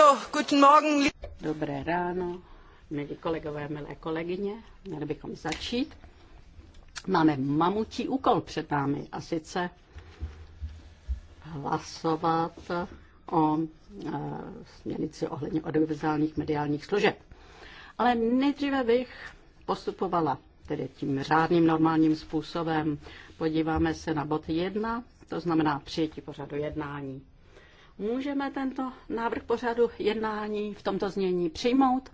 Also, guten Morgen. Dobré ráno, milí kolegové, milé kolegyně. Měli bychom začít. Máme mamutí úkol před námi a sice hlasovat o e, směrnici ohledně audiovizuálních mediálních služeb. Ale nejdříve bych postupovala tedy tím řádným normálním způsobem. Podíváme se na bod 1, to znamená přijetí pořadu jednání. Můžeme tento návrh pořadu jednání v tomto znění přijmout?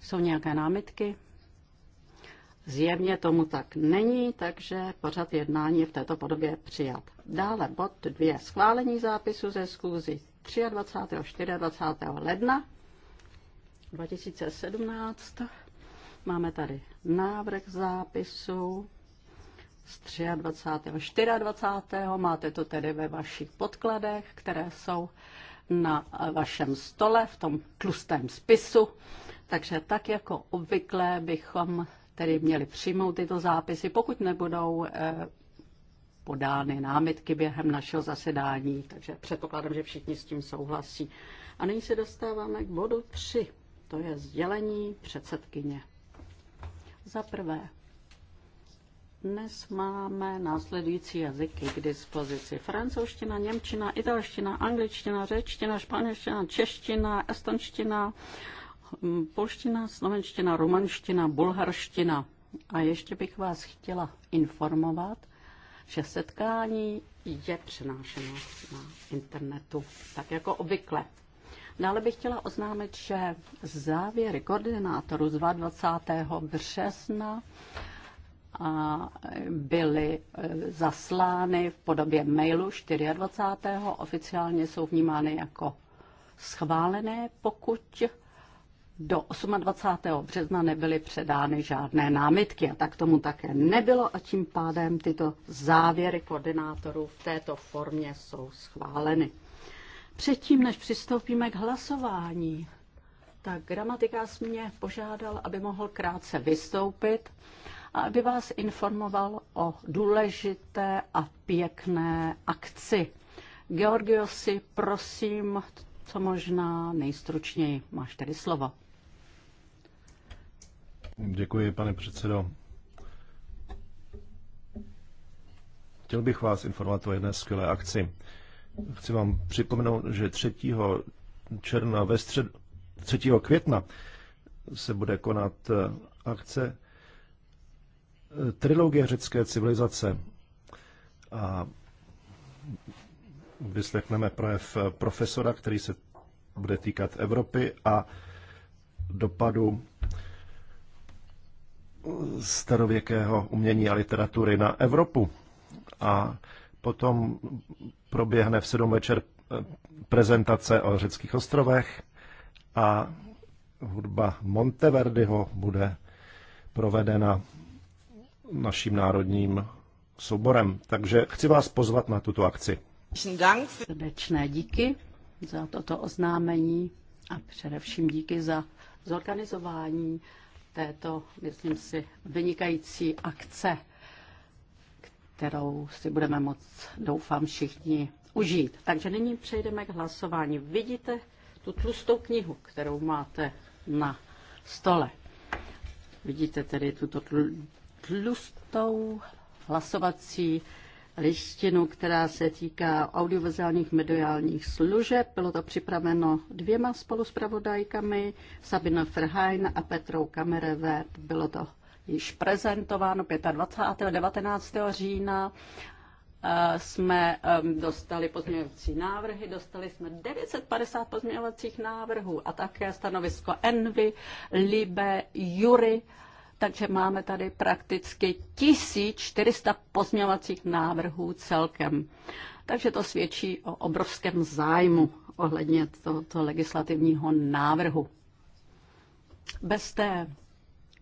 Jsou nějaké námitky? Zjevně tomu tak není, takže pořad jednání je v této podobě přijat. Dále bod 2. Schválení zápisu ze schůzy 23. 24. ledna 2017. Máme tady návrh zápisu z 23. 24. máte to tedy ve vašich podkladech, které jsou na vašem stole v tom tlustém spisu. Takže tak jako obvykle bychom tedy měli přijmout tyto zápisy, pokud nebudou eh, podány námitky během našeho zasedání, takže předpokládám, že všichni s tím souhlasí. A nyní se dostáváme k bodu 3, to je sdělení předsedkyně. Za prvé, dnes máme následující jazyky k dispozici. Francouzština, němčina, italština, angličtina, řečtina, španělština, čeština, estonština, polština, slovenština, rumanština, bulharština. A ještě bych vás chtěla informovat, že setkání je přenášeno na internetu, tak jako obvykle. Dále bych chtěla oznámit, že závěry koordinátorů z 22. března a byly e, zaslány v podobě mailu 24. oficiálně jsou vnímány jako schválené, pokud do 28. března nebyly předány žádné námitky a tak tomu také nebylo a tím pádem tyto závěry koordinátorů v této formě jsou schváleny. Předtím, než přistoupíme k hlasování, tak gramatikář mě požádal, aby mohl krátce vystoupit a aby vás informoval o důležité a pěkné akci. Georgiosi, prosím, co možná nejstručněji. Máš tedy slovo. Děkuji, pane předsedo. Chtěl bych vás informovat o jedné skvělé akci. Chci vám připomenout, že 3. června ve střed, 3. května se bude konat eh, akce trilogie řecké civilizace a vyslechneme projev profesora, který se bude týkat Evropy a dopadu starověkého umění a literatury na Evropu. A potom proběhne v 7 večer prezentace o řeckých ostrovech a hudba Monteverdiho bude provedena naším národním souborem. Takže chci vás pozvat na tuto akci. Srdečné díky za toto oznámení a především díky za zorganizování této, myslím si, vynikající akce, kterou si budeme moc, doufám, všichni užít. Takže nyní přejdeme k hlasování. Vidíte tu tlustou knihu, kterou máte na stole. Vidíte tedy tuto tlustou hlasovací listinu, která se týká audiovizuálních mediálních služeb. Bylo to připraveno dvěma spoluspravodajkami, Sabina Ferhajn a Petrou Kamerevert. Bylo to již prezentováno 25. 19. října. Eh, jsme dostali pozměňovací návrhy, dostali jsme 950 pozměňovacích návrhů a také stanovisko Envy, Libe, Jury, takže máme tady prakticky 1400 pozměňovacích návrhů celkem. Takže to svědčí o obrovském zájmu ohledně tohoto legislativního návrhu. Bez té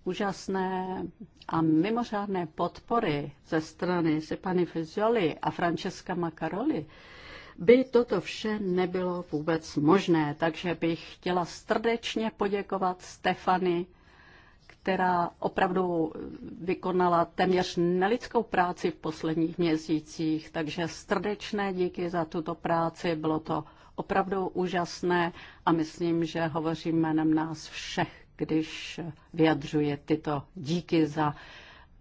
úžasné a mimořádné podpory ze strany Sipany Fizioli a Francesca Macaroli by toto vše nebylo vůbec možné. Takže bych chtěla srdečně poděkovat Stefany která opravdu vykonala téměř nelidskou práci v posledních měsících, takže srdečné díky za tuto práci, bylo to opravdu úžasné a myslím, že hovořím jménem nás všech, když vyjadřuje tyto díky za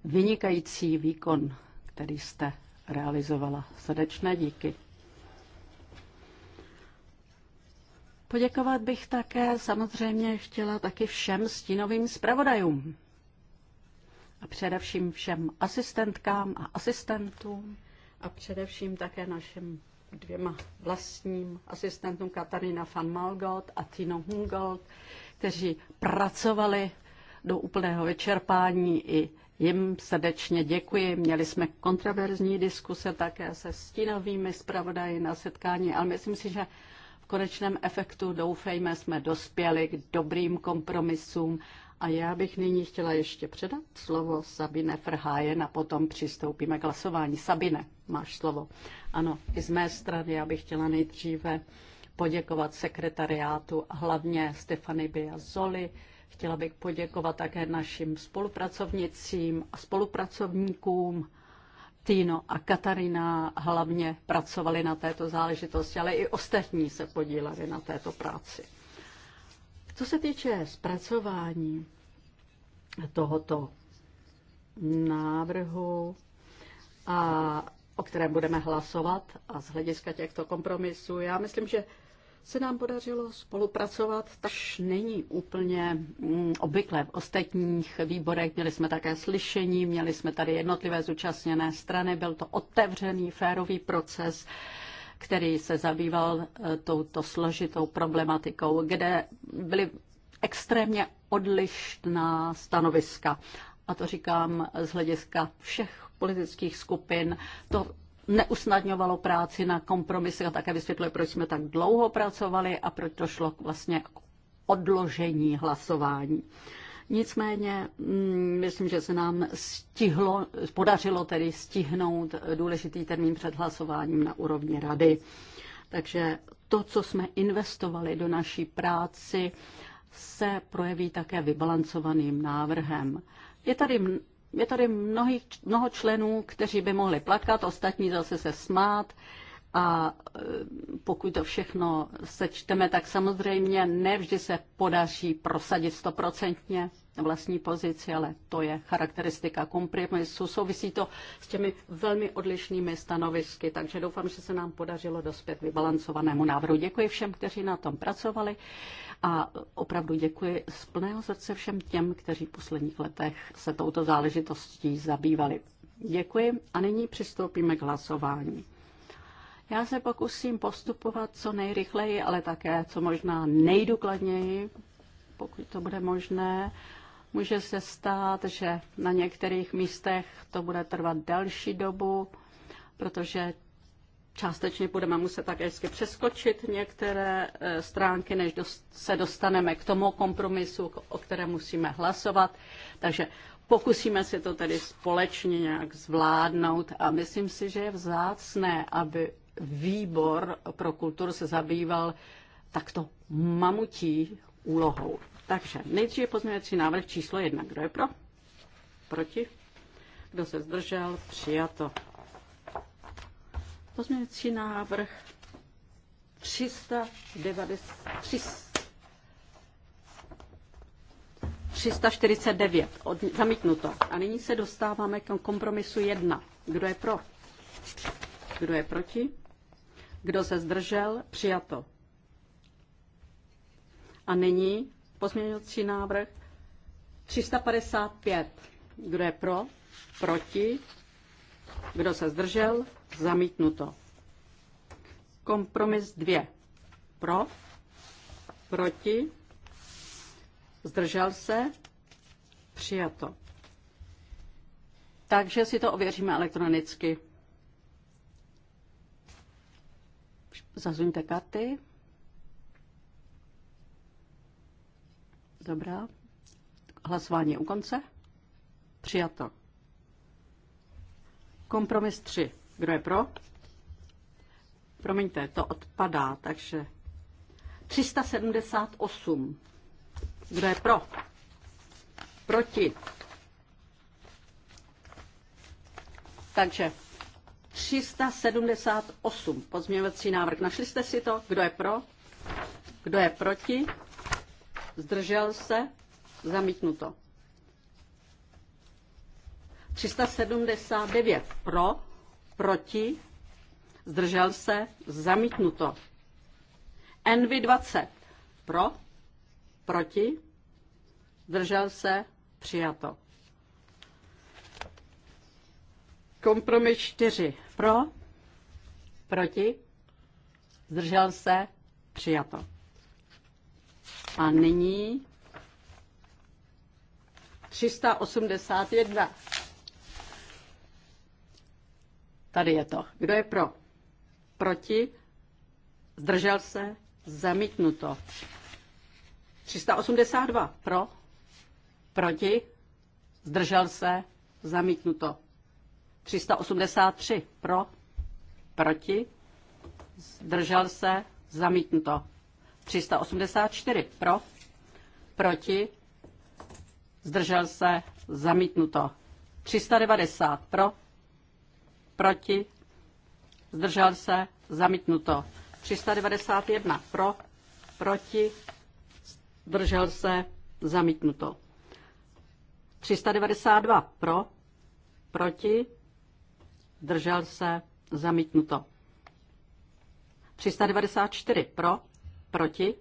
vynikající výkon, který jste realizovala. Srdečné díky. Poděkovat bych také samozřejmě chtěla taky všem stínovým zpravodajům a především všem asistentkám a asistentům a především také našim dvěma vlastním asistentům Katarina van Malgot a Tino Hungold, kteří pracovali do úplného vyčerpání i jim srdečně děkuji. Měli jsme kontroverzní diskuse také se stínovými zpravodaji na setkání, ale myslím si, že konečném efektu doufejme, jsme dospěli k dobrým kompromisům a já bych nyní chtěla ještě předat slovo Sabine Frhájen a potom přistoupíme k hlasování. Sabine, máš slovo. Ano, i z mé strany já bych chtěla nejdříve poděkovat sekretariátu a hlavně Stefany Zoli. Chtěla bych poděkovat také našim spolupracovnicím a spolupracovníkům. Tino a Katarina hlavně pracovali na této záležitosti, ale i ostatní se podíleli na této práci. Co se týče zpracování tohoto návrhu, a, o kterém budeme hlasovat a z hlediska těchto kompromisů, já myslím, že se nám podařilo spolupracovat, taž není úplně mm, obvyklé v ostatních výborech. Měli jsme také slyšení, měli jsme tady jednotlivé zúčastněné strany, byl to otevřený, férový proces který se zabýval e, touto složitou problematikou, kde byly extrémně odlišná stanoviska. A to říkám z hlediska všech politických skupin. To neusnadňovalo práci na kompromisy a také vysvětluje, proč jsme tak dlouho pracovali a proč to šlo vlastně odložení hlasování. Nicméně, mm, myslím, že se nám stihlo, podařilo tedy stihnout důležitý termín před hlasováním na úrovni rady. Takže to, co jsme investovali do naší práci, se projeví také vybalancovaným návrhem. Je tady je tady mnohý, mnoho členů, kteří by mohli plakat, ostatní zase se smát. A e, pokud to všechno sečteme, tak samozřejmě nevždy se podaří prosadit stoprocentně vlastní pozici, ale to je charakteristika kompromisu. Souvisí to s těmi velmi odlišnými stanovisky, takže doufám, že se nám podařilo dospět vybalancovanému návrhu. Děkuji všem, kteří na tom pracovali a opravdu děkuji z plného srdce všem těm, kteří v posledních letech se touto záležitostí zabývali. Děkuji a nyní přistoupíme k hlasování. Já se pokusím postupovat co nejrychleji, ale také co možná nejdůkladněji, pokud to bude možné. Může se stát, že na některých místech to bude trvat delší dobu, protože částečně budeme muset také hezky přeskočit některé eh, stránky, než se dostaneme k tomu kompromisu, o kterém musíme hlasovat. Takže pokusíme si to tedy společně nějak zvládnout a myslím si, že je vzácné, aby výbor pro kulturu se zabýval takto mamutí úlohou. Takže nejdříve pozměňovací návrh číslo jedna. Kdo je pro? Proti? Kdo se zdržel? Přijato. Pozměňovací návrh 349. Od, zamítnuto. A nyní se dostáváme k kompromisu 1. Kdo je pro? Kdo je proti? Kdo se zdržel? Přijato. A nyní Pozměňovací návrh 355. Kdo je pro? Proti? Kdo se zdržel? Zamítnuto. Kompromis 2. Pro? Proti? Zdržel se? Přijato. Takže si to ověříme elektronicky. Zazuňte karty. Dobrá. Hlasování u konce. Přijato. Kompromis 3. Kdo je pro? Promiňte, to odpadá, takže 378. Kdo je pro? Proti. Takže 378. Pozměňovací návrh. Našli jste si to? Kdo je pro? Kdo je proti? zdržel se, zamítnuto. 379 pro, proti, zdržel se, zamítnuto. NV20 pro, proti, zdržel se, přijato. Kompromis 4 pro, proti, zdržel se, přijato. A nyní 381. Tady je to. Kdo je pro? Proti? Zdržel se? Zamítnuto. 382. Pro? Proti? Zdržel se? Zamítnuto. 383. Pro? Proti? Zdržel se? Zamítnuto. 384 pro, proti, zdržel se, zamítnuto. 390 pro, proti, zdržel se, zamítnuto. 391 pro, proti, zdržel se, zamítnuto. 392 pro, proti, zdržel se, zamítnuto. 394 pro, Proti?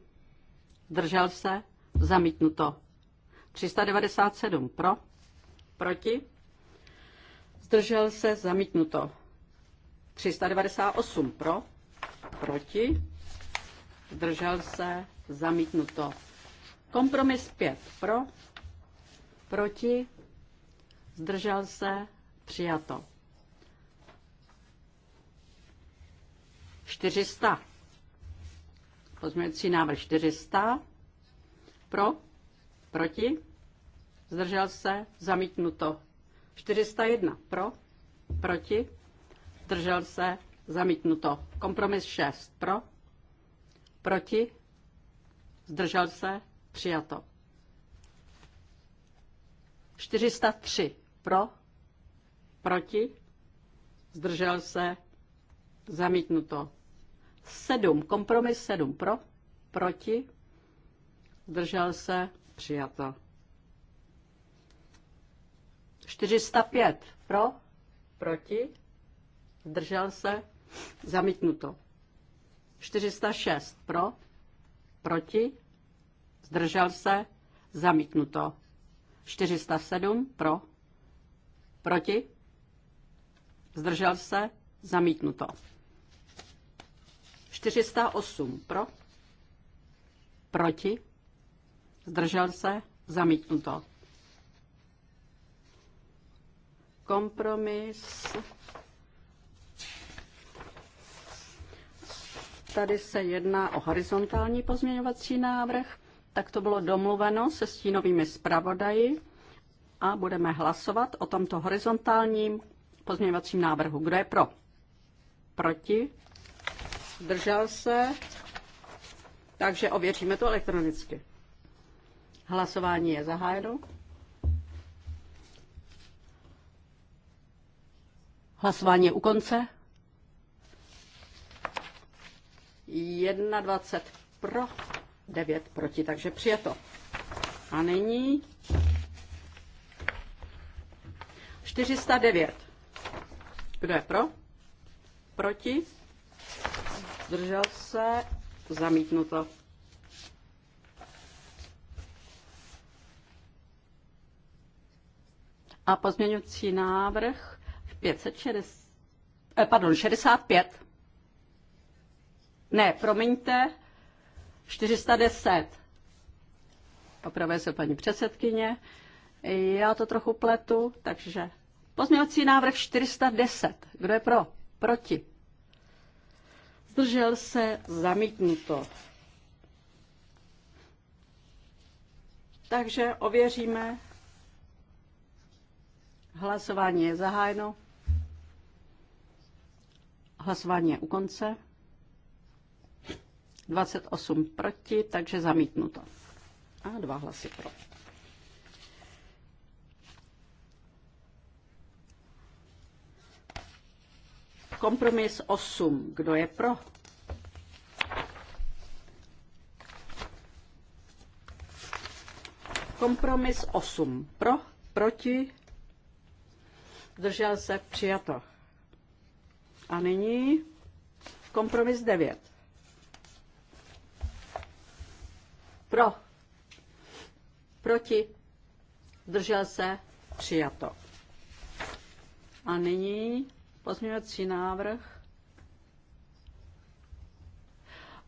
Zdržel se? Zamítnuto. 397 pro? Proti? Zdržel se? Zamítnuto. 398 pro? Proti? Zdržel se? Zamítnuto. Kompromis 5 pro? Proti? Zdržel se? Přijato. 400 Pozměňující návrh 400. Pro? Proti? Zdržel se? Zamítnuto. 401. Pro? Proti? Zdržel se? Zamítnuto. Kompromis 6. Pro? Proti? Zdržel se? Přijato. 403. Pro? Proti? Zdržel se? Zamítnuto. 7, kompromis 7 pro, proti, zdržel se, přijato. 405 pro, proti, zdržel se, zamítnuto. 406 pro, proti, zdržel se, zamítnuto. 407 pro, proti, zdržel se, zamítnuto. 408 pro, proti, zdržel se, zamítnuto. Kompromis. Tady se jedná o horizontální pozměňovací návrh. Tak to bylo domluveno se stínovými zpravodaji a budeme hlasovat o tomto horizontálním pozměňovacím návrhu. Kdo je pro? Proti? zdržel se, takže ověříme to elektronicky. Hlasování je zahájeno. Hlasování je u konce. 21 pro, 9 proti, takže přijeto. A nyní 409. Kdo je pro? Proti? zdržel se, zamítnuto. A pozměňující návrh 560, eh, pardon, 65. Ne, promiňte, 410. Poprvé se paní předsedkyně. Já to trochu pletu, takže pozměňovací návrh 410. Kdo je pro? Proti? zdržel se, zamítnuto. Takže ověříme. Hlasování je zahájeno. Hlasování je u konce. 28 proti, takže zamítnuto. A dva hlasy pro. Kompromis 8. Kdo je pro? Kompromis 8. Pro, proti, Držel se, přijato. A nyní kompromis 9. Pro, proti, Držel se, přijato. A nyní Pozměňovací návrh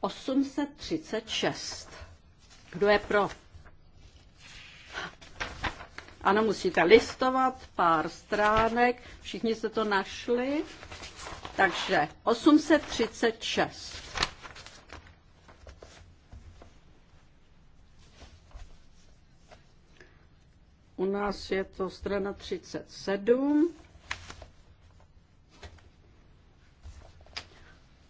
836. Kdo je pro? Ano, musíte listovat pár stránek. Všichni se to našli. Takže 836. U nás je to strana 37.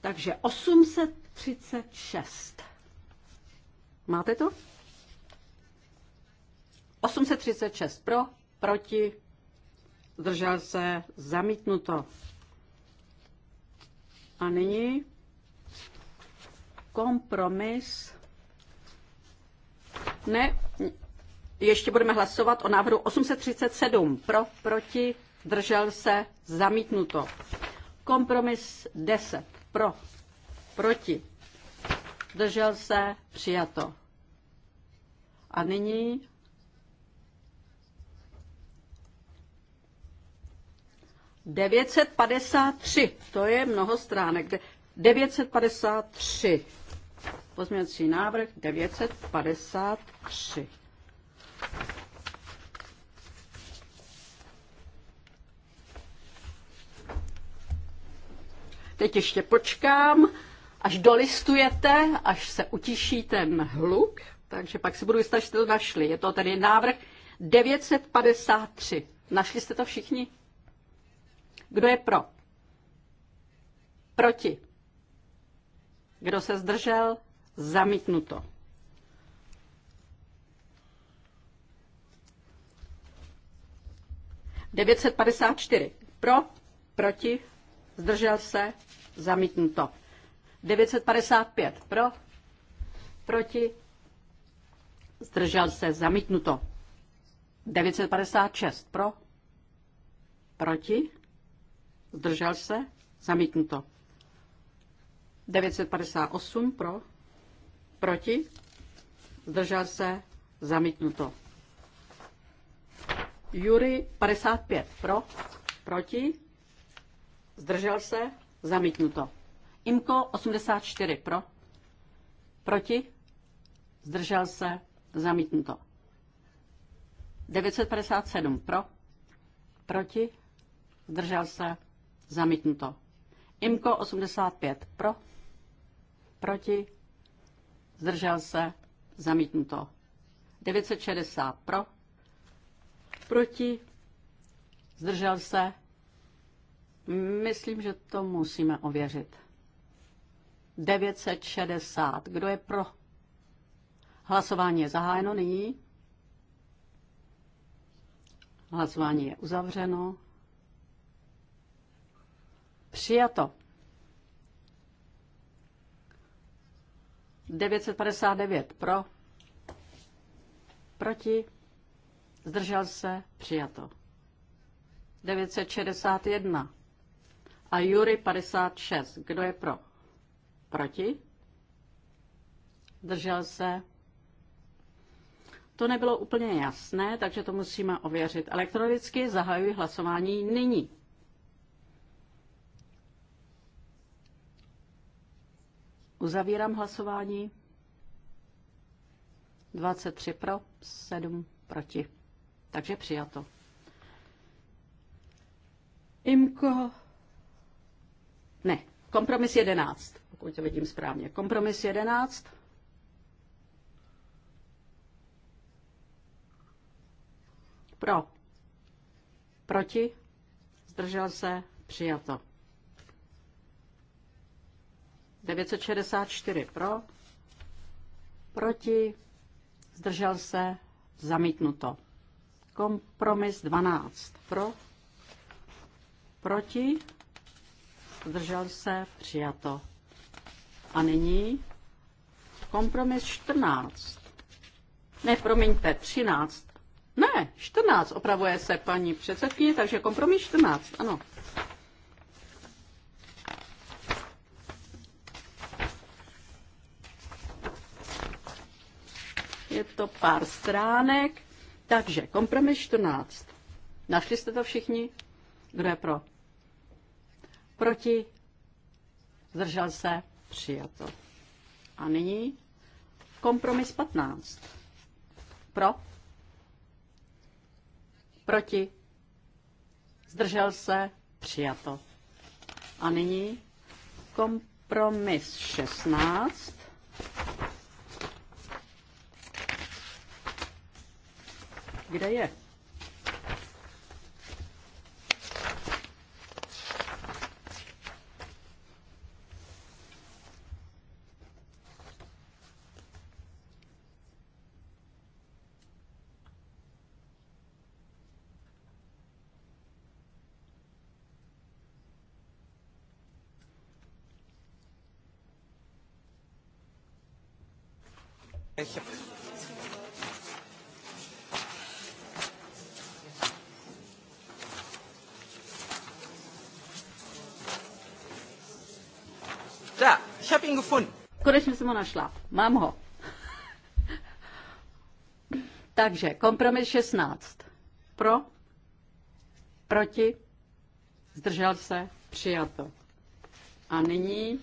Takže 836. Máte to? 836 pro, proti, zdržel se, zamítnuto. A nyní kompromis. Ne, ještě budeme hlasovat o návrhu 837. Pro, proti, držel se, zamítnuto. Kompromis 10. Pro. Proti. Držel se. Přijato. A nyní Devětset padesát tři. To je mnoho stránek. 953. Pozměňovací návrh 953. Teď ještě počkám, až dolistujete, až se utiší ten hluk, takže pak si budu jistá, že to našli. Je to tedy návrh 953. Našli jste to všichni? Kdo je pro? Proti? Kdo se zdržel? Zamítnuto. Devětset padesát čtyři. Pro, proti, zdržel se, zamítnuto. 955 pro, proti, zdržel se, zamítnuto. 956 pro, proti, zdržel se, zamítnuto. 958 pro, proti, zdržel se, zamítnuto. Jury 55 pro, proti, Zdržel se? Zamítnuto. IMKO 84 pro. Proti? Zdržel se? Zamítnuto. 957 pro. Proti? Zdržel se? Zamítnuto. IMKO 85 pro. Proti? Zdržel se? Zamítnuto. 960 pro. Proti? Zdržel se? Myslím, že to musíme ověřit. 960. Kdo je pro? Hlasování je zahájeno nyní. Hlasování je uzavřeno. Přijato. 959 pro. Proti. Zdržel se. Přijato. 961 a Jury 56. Kdo je pro? Proti? Držel se? To nebylo úplně jasné, takže to musíme ověřit. Elektronicky zahajuji hlasování nyní. Uzavírám hlasování. 23 pro, 7 proti. Takže přijato. Imko ne, kompromis 11, pokud to vidím správně. Kompromis 11. Pro. Proti. Zdržel se. Přijato. 964 pro. Proti. Zdržel se. Zamítnuto. Kompromis 12 pro. Proti zdržel se, přijato. A nyní kompromis 14. Ne, promiňte, 13. Ne, 14, opravuje se paní předsedkyně, takže kompromis 14, ano. Je to pár stránek, takže kompromis 14. Našli jste to všichni? Kdo je pro? Proti? Zdržel se? Přijato. A nyní kompromis 15. Pro? Proti? Zdržel se? Přijato. A nyní kompromis 16. Kde je? gefunden. Konečně jsem ho našla. Mám ho. Takže kompromis 16. Pro, proti, zdržel se, přijato. A nyní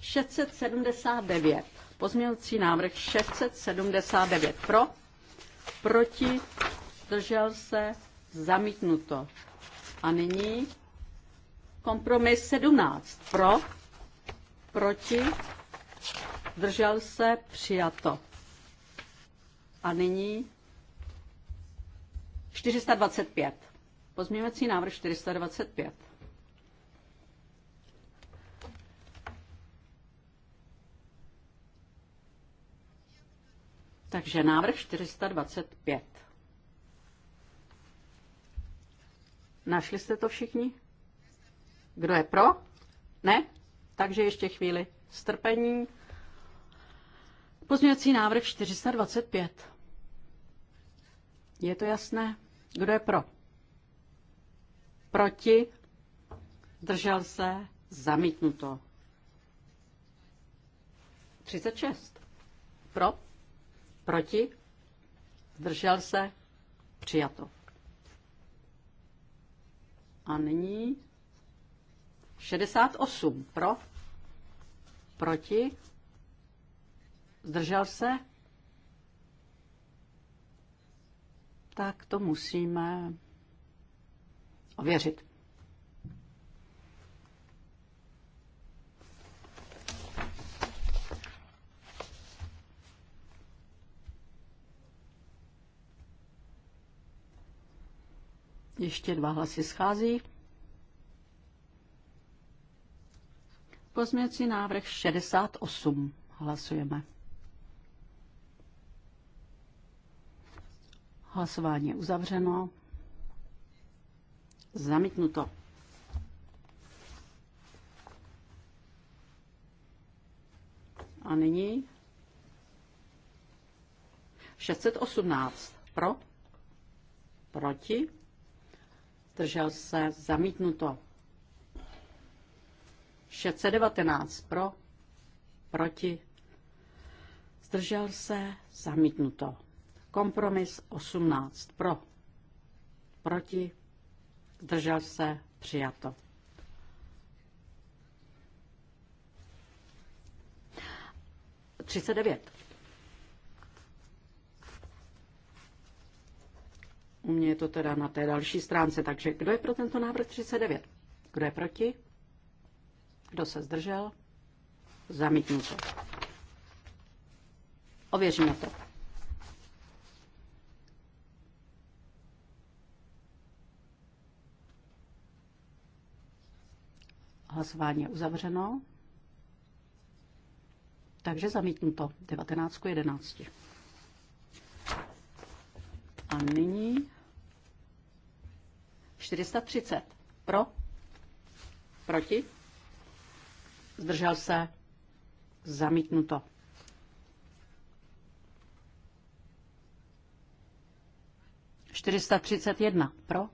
679. Pozměňovací návrh 679. Pro, proti, zdržel se, zamítnuto. A nyní Kompromis 17 pro, proti, zdržel se, přijato. A nyní 425. Pozměňovací návrh 425. Takže návrh 425. Našli jste to všichni? Kdo je pro? Ne? Takže ještě chvíli strpení. Pozměňovací návrh 425. Je to jasné? Kdo je pro? Proti? Držel se? Zamítnuto. 36. Pro? Proti? Zdržel se? Přijato. A nyní 68 pro, proti, zdržel se, tak to musíme ověřit. Ještě dva hlasy schází. Pozměňovací návrh 68. Hlasujeme. Hlasování je uzavřeno. Zamítnuto. A nyní 618 pro, proti, držel se zamítnuto. 619 pro, proti, zdržel se, zamítnuto. Kompromis 18 pro, proti, zdržel se, přijato. Třicet devět. U mě je to teda na té další stránce, takže kdo je pro tento návrh 39? Kdo je proti? Kdo se zdržel? Zamítnuto. Ověříme to. Hlasování je uzavřeno. Takže zamítnuto 19 k 11. A nyní 430. Pro? Proti? zdržel se, zamítnuto. to. 431 pro,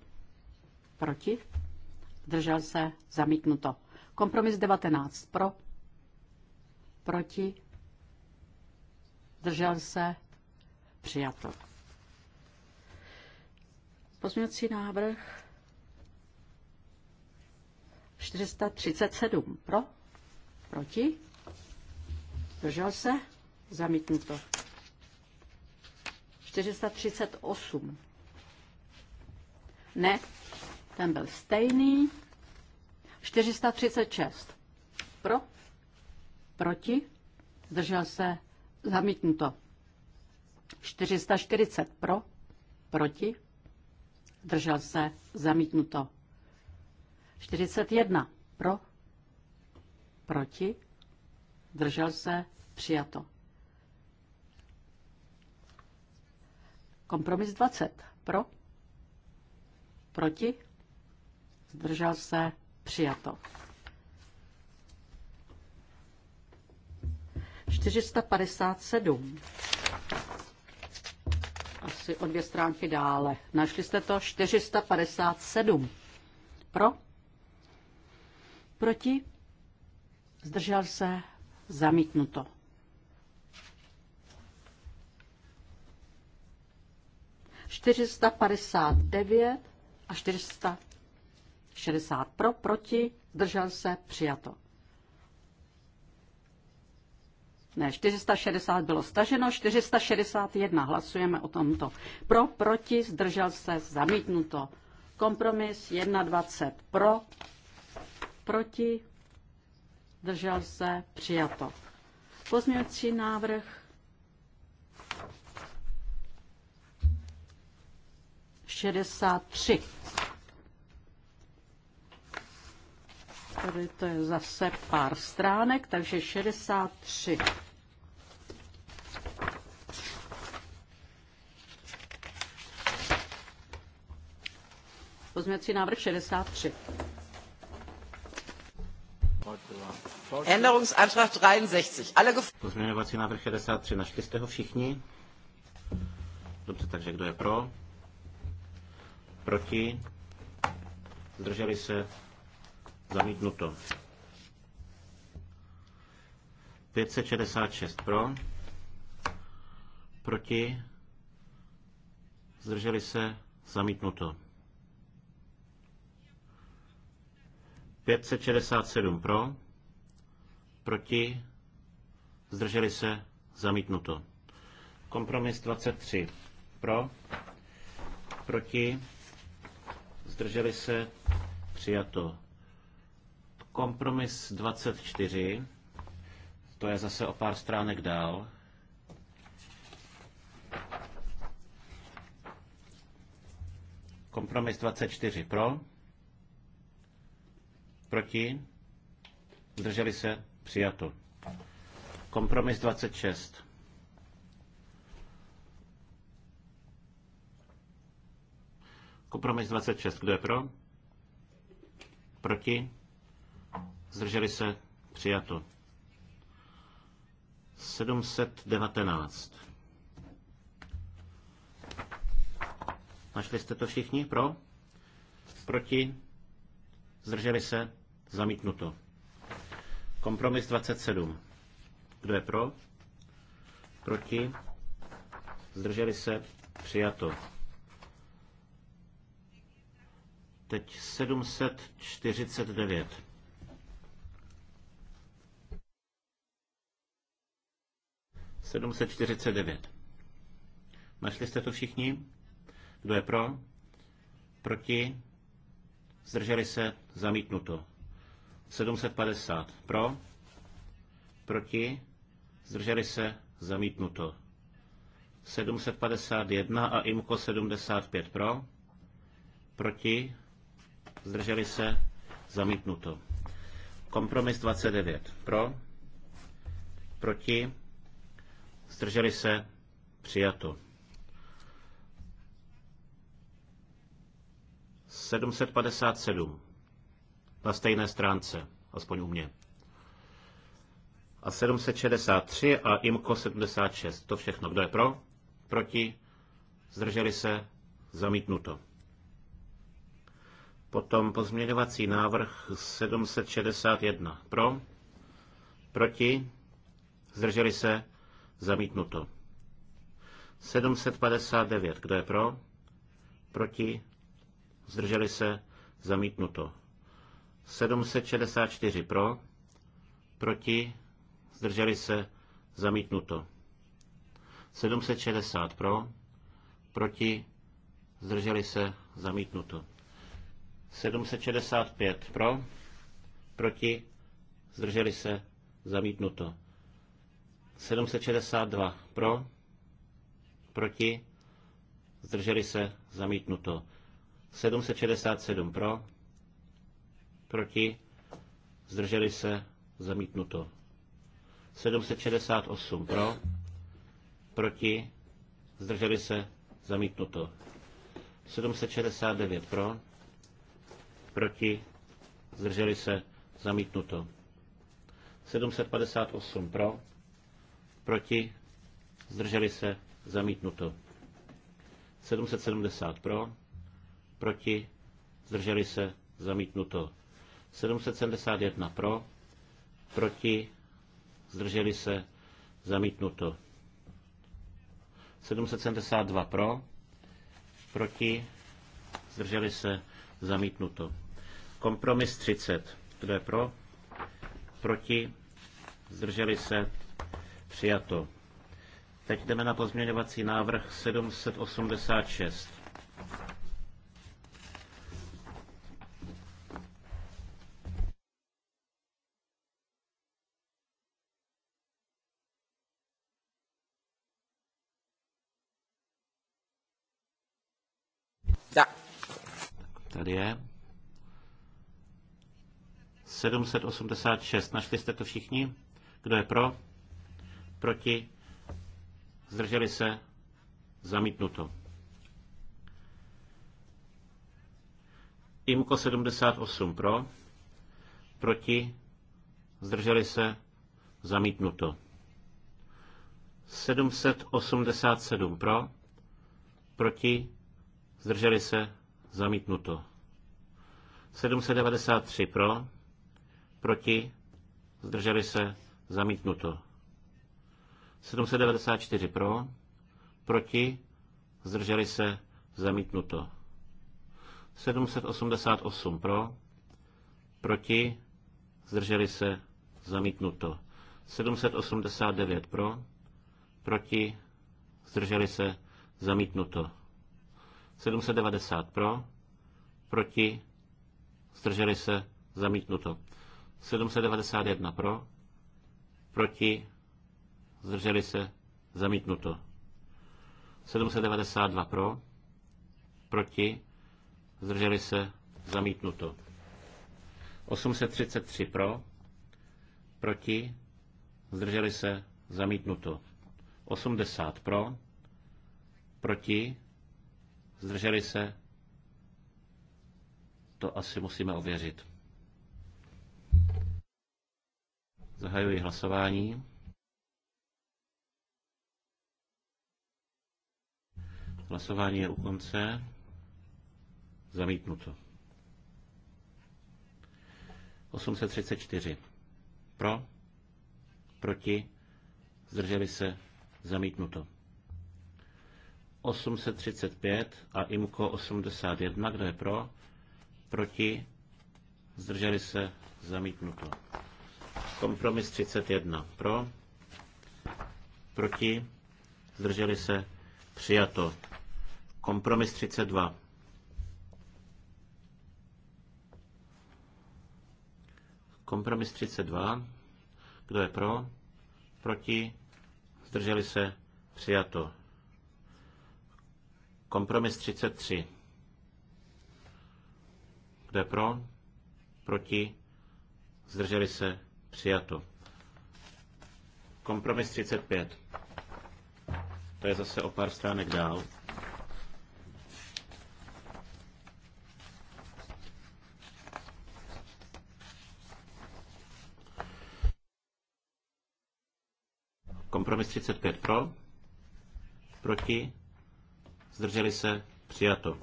proti, zdržel se, zamítnuto. Kompromis 19 pro, proti, zdržel se, přijato. Pozměňovací návrh 437 pro, Proti? Držel se? Zamítnuto. 438. Ne, ten byl stejný. 436. Pro? Proti? Držel se? Zamítnuto. 440 pro? Proti? Držel se? Zamítnuto. 41 pro? Proti? Držel se? Přijato. Kompromis 20. Pro? Proti? Zdržel se? Přijato. 457. Asi o dvě stránky dále. Našli jste to 457. Pro? Proti? zdržel se, zamítnuto. Čtyřista padesát devět a 460 pro, proti, zdržel se, přijato. Ne, 460 bylo staženo, 461 hlasujeme o tomto. Pro, proti, zdržel se, zamítnuto. Kompromis 21 pro, proti, zdržel se, přijato. Pozměňovací návrh 63. Tady to je zase pár stránek, takže 63. Pozměňovací návrh 63. Änderungsantrag 63. Alle Pozměňovací návrh 63. Našli jste ho všichni? Dobře, takže kdo je pro? Proti? Zdrželi se? Zamítnuto. 566 pro. Proti? Zdrželi se? Zamítnuto. 567 pro Proti? Zdrželi se? Zamítnuto. Kompromis 23. Pro? Proti? Zdrželi se? Přijato. Kompromis 24. To je zase o pár stránek dál. Kompromis 24 pro. Proti. Zdrželi se. Přijato. Kompromis 26. Kompromis 26. Kdo je pro? Proti? Zdrželi se? Přijato. 719. Našli jste to všichni? Pro? Proti? Zdrželi se? Zamítnuto. Kompromis 27. Kdo je pro? Proti? Zdrželi se? Přijato. Teď 749. Sedmset čtyřicet devět. Našli jste to všichni? Kdo je pro? Proti? Zdrželi se? Zamítnuto. 750 pro, proti, zdrželi se, zamítnuto. 751 a IMKO 75 pro, proti, zdrželi se, zamítnuto. Kompromis 29 pro, proti, zdrželi se, přijato. 757 na stejné stránce, aspoň u mě. A 763 a IMCO 76, to všechno. Kdo je pro? Proti? Zdrželi se? Zamítnuto. Potom pozměňovací návrh 761. Pro? Proti? Zdrželi se? Zamítnuto. 759. Kdo je pro? Proti? Zdrželi se? Zamítnuto. 764 pro, proti, zdrželi se, zamítnuto. 760 pro, proti, zdrželi se, zamítnuto. 765 pro, proti, zdrželi se, zamítnuto. 762 pro, proti, zdrželi se, zamítnuto. 767 pro, proti, zdrželi se, zamítnuto. 768 pro, proti, zdrželi se, zamítnuto. 769 pro, proti, zdrželi se, zamítnuto. 758 pro, proti, zdrželi se, zamítnuto. 770 pro, proti, zdrželi se, zamítnuto. 771 pro, proti, zdrželi se, zamítnuto. 772 pro, proti, zdrželi se, zamítnuto. Kompromis 30. Kdo je pro? Proti? Zdrželi se? Přijato. Teď jdeme na pozměňovací návrh 786. 786. Našli jste to všichni? Kdo je pro? Proti? Zdrželi se? Zamítnuto. Imko 78 pro, proti, zdrželi se, zamítnuto. 787 pro, proti, zdrželi se, zamítnuto. 793 pro, Proti? Zdrželi se? Zamítnuto. 794 pro? Proti? Zdrželi se? Zamítnuto. 788 pro? Proti? Zdrželi se? Zamítnuto. 789 pro? Proti? Zdrželi se? Zamítnuto. 790 pro? Proti? Zdrželi se? Zamítnuto. 791 pro, proti, zdrželi se, zamítnuto. 792 pro, proti, zdrželi se, zamítnuto. 833 pro, proti, zdrželi se, zamítnuto. 80 pro, proti, zdrželi se, to asi musíme ověřit. Zahajuji hlasování. Hlasování je u konce. Zamítnuto. 834. Pro? Proti? Zdrželi se? Zamítnuto. 835 a IMKO 81. Kdo je pro? Proti? Zdrželi se? Zamítnuto. Kompromis 31 pro, proti, zdrželi se, přijato. Kompromis 32. Kompromis 32. Kdo je pro? Proti? Zdrželi se? Přijato. Kompromis 33. Kdo je pro? Proti? Zdrželi se? Přijato. Kompromis 35. To je zase o pár stránek dál. Kompromis 35 pro, proti, zdrželi se, přijato.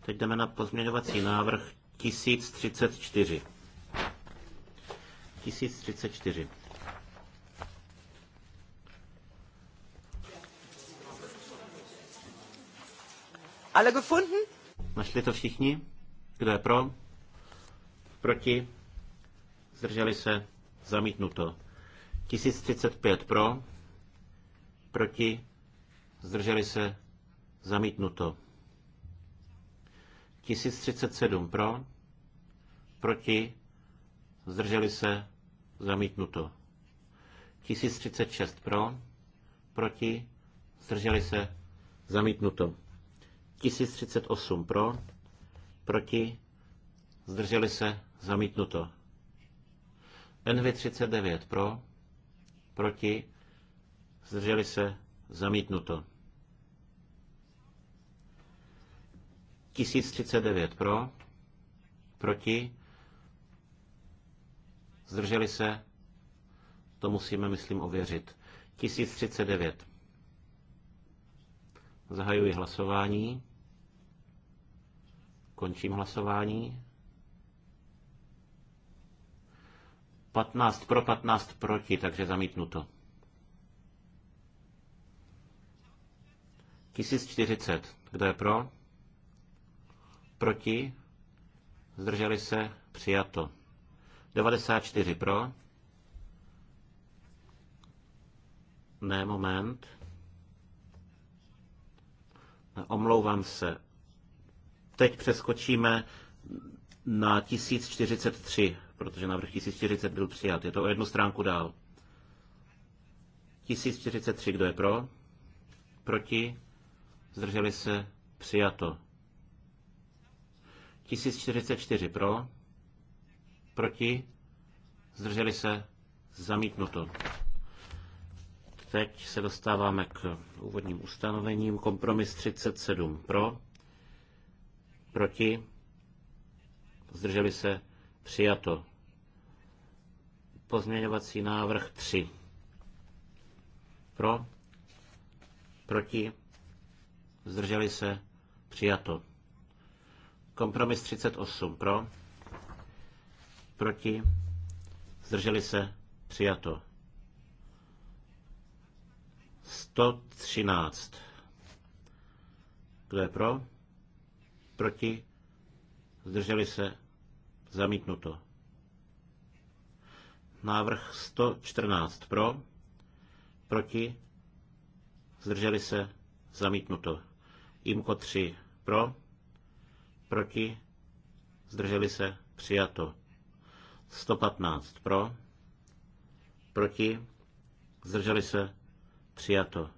Teď jdeme na pozměňovací návrh 1034. 1034. Ale gefunden? Našli to všichni? Kdo je pro? Proti? Zdrželi se? Zamítnuto. 1035 pro? Proti? Zdrželi se? Zamítnuto. 1037 pro? Proti? Zdrželi se? Zamítnuto. 1036 pro, proti, zdrželi se, zamítnuto. 1038 pro, proti, zdrželi se, zamítnuto. NV39 pro, proti, zdrželi se, zamítnuto. 1039 pro, proti, Zdrželi se? To musíme, myslím, ověřit. 1039. Zahajuji hlasování. Končím hlasování. 15 pro, 15 proti, takže zamítnuto. 1040. Kdo je pro? Proti? Zdrželi se? Přijato. 94 pro. Ne, moment. Omlouvám se. Teď přeskočíme na 1043, protože návrh 1040 byl přijat. Je to o jednu stránku dál. 1043, kdo je pro? Proti? Zdrželi se? Přijato. 1044 pro? Proti? Zdrželi se? Zamítnuto. Teď se dostáváme k úvodním ustanovením. Kompromis 37 pro, proti, zdrželi se, přijato. Pozměňovací návrh 3 pro, proti, zdrželi se, přijato. Kompromis 38 pro, Proti? Zdrželi se? Přijato. 113. Kdo je pro? Proti? Zdrželi se? Zamítnuto. Návrh 114 pro, proti, zdrželi se, zamítnuto. Imko 3 pro, proti, zdrželi se, přijato. 115 pro, proti, zdrželi se, přijato.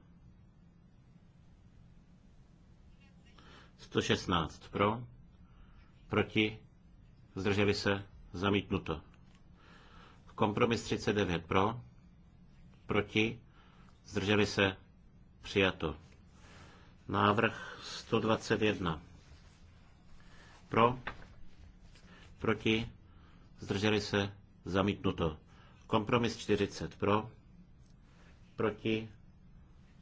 116 pro, proti, zdrželi se, zamítnuto. Kompromis 39 pro, proti, zdrželi se, přijato. Návrh 121 pro, proti, zdrželi se, zamítnuto. Kompromis 40 pro, proti,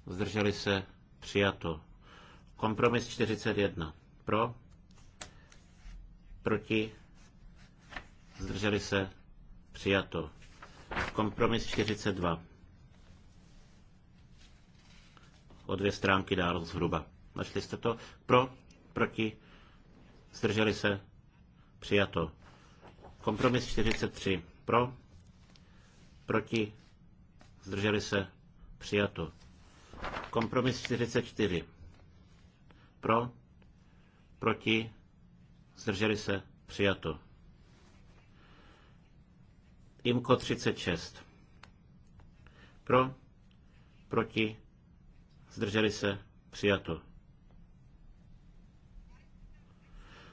zdrželi se, přijato. Kompromis 41 pro, proti, zdrželi se, přijato. Kompromis 42. O dvě stránky dál zhruba. Našli jste to? Pro, proti, zdrželi se, přijato. Kompromis 43 pro, proti, zdrželi se, přijato. Kompromis 44 pro, proti, zdrželi se, přijato. IMKO 36 pro, proti, zdrželi se, přijato.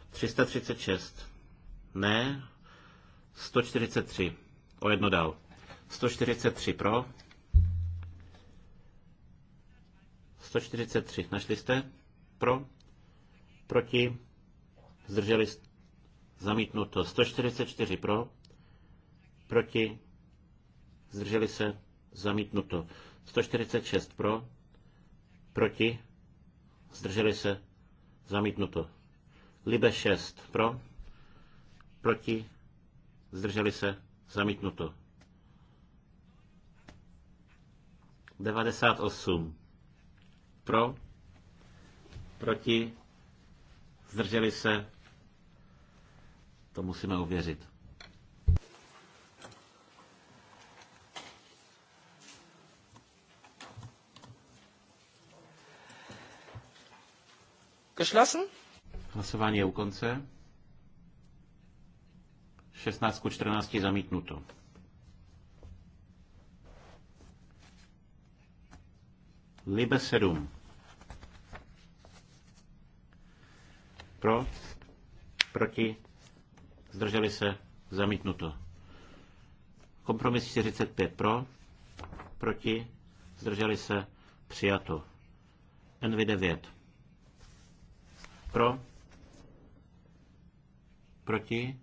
336 ne, 143. O jedno dál. 143 pro. 143. Našli jste? Pro. Proti. Zdrželi. Zamítnuto. 144 pro. Proti. Zdrželi se. Zamítnuto. 146 pro. Proti. Zdrželi se. Zamítnuto. Libe 6 pro. Proti zdrželi se, zamítnuto. 98 pro, proti, zdrželi se, to musíme ověřit. Geschlossen? Hlasování je u konce. 16 ku 14 zamítnuto. Libe 7. Pro, proti, zdrželi se, zamítnuto. Kompromis 45 pro, proti, zdrželi se, přijato. NV9. Pro, proti,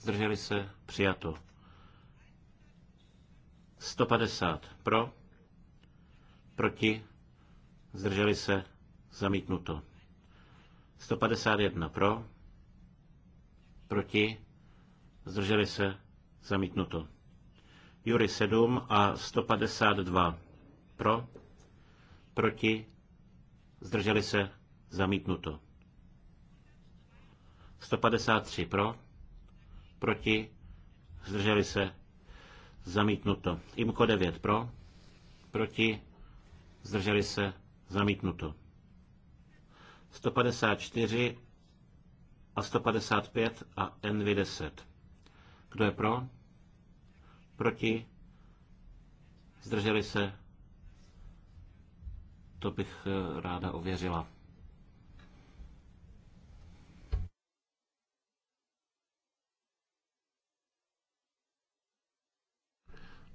zdrželi se, přijato. 150 pro, proti, zdrželi se, zamítnuto. 151 pro, proti, zdrželi se, zamítnuto. Jury 7 a 152 pro, proti, zdrželi se, zamítnuto. 153 pro, proti, zdrželi se, zamítnuto. IMKO 9 pro, proti, zdrželi se, zamítnuto. 154 a 155 a NV 10. Kdo je pro? Proti? Zdrželi se? To bych eh, ráda ověřila.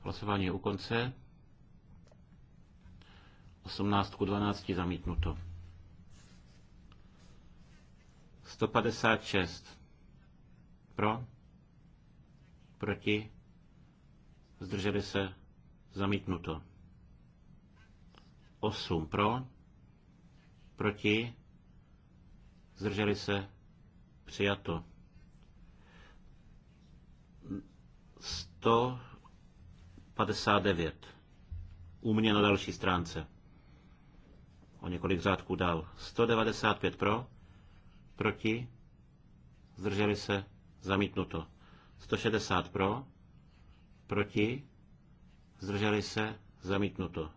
Hlasování je u konce. 18 k 12 zamítnuto. 156. Pro? Proti? Zdrželi se? Zamítnuto. 8 pro? Proti? Zdrželi se? Přijato. 100 59. U mě na další stránce. O několik řádků dál. 195 pro, proti, zdrželi se, zamítnuto. 160 pro, proti, zdrželi se, zamítnuto.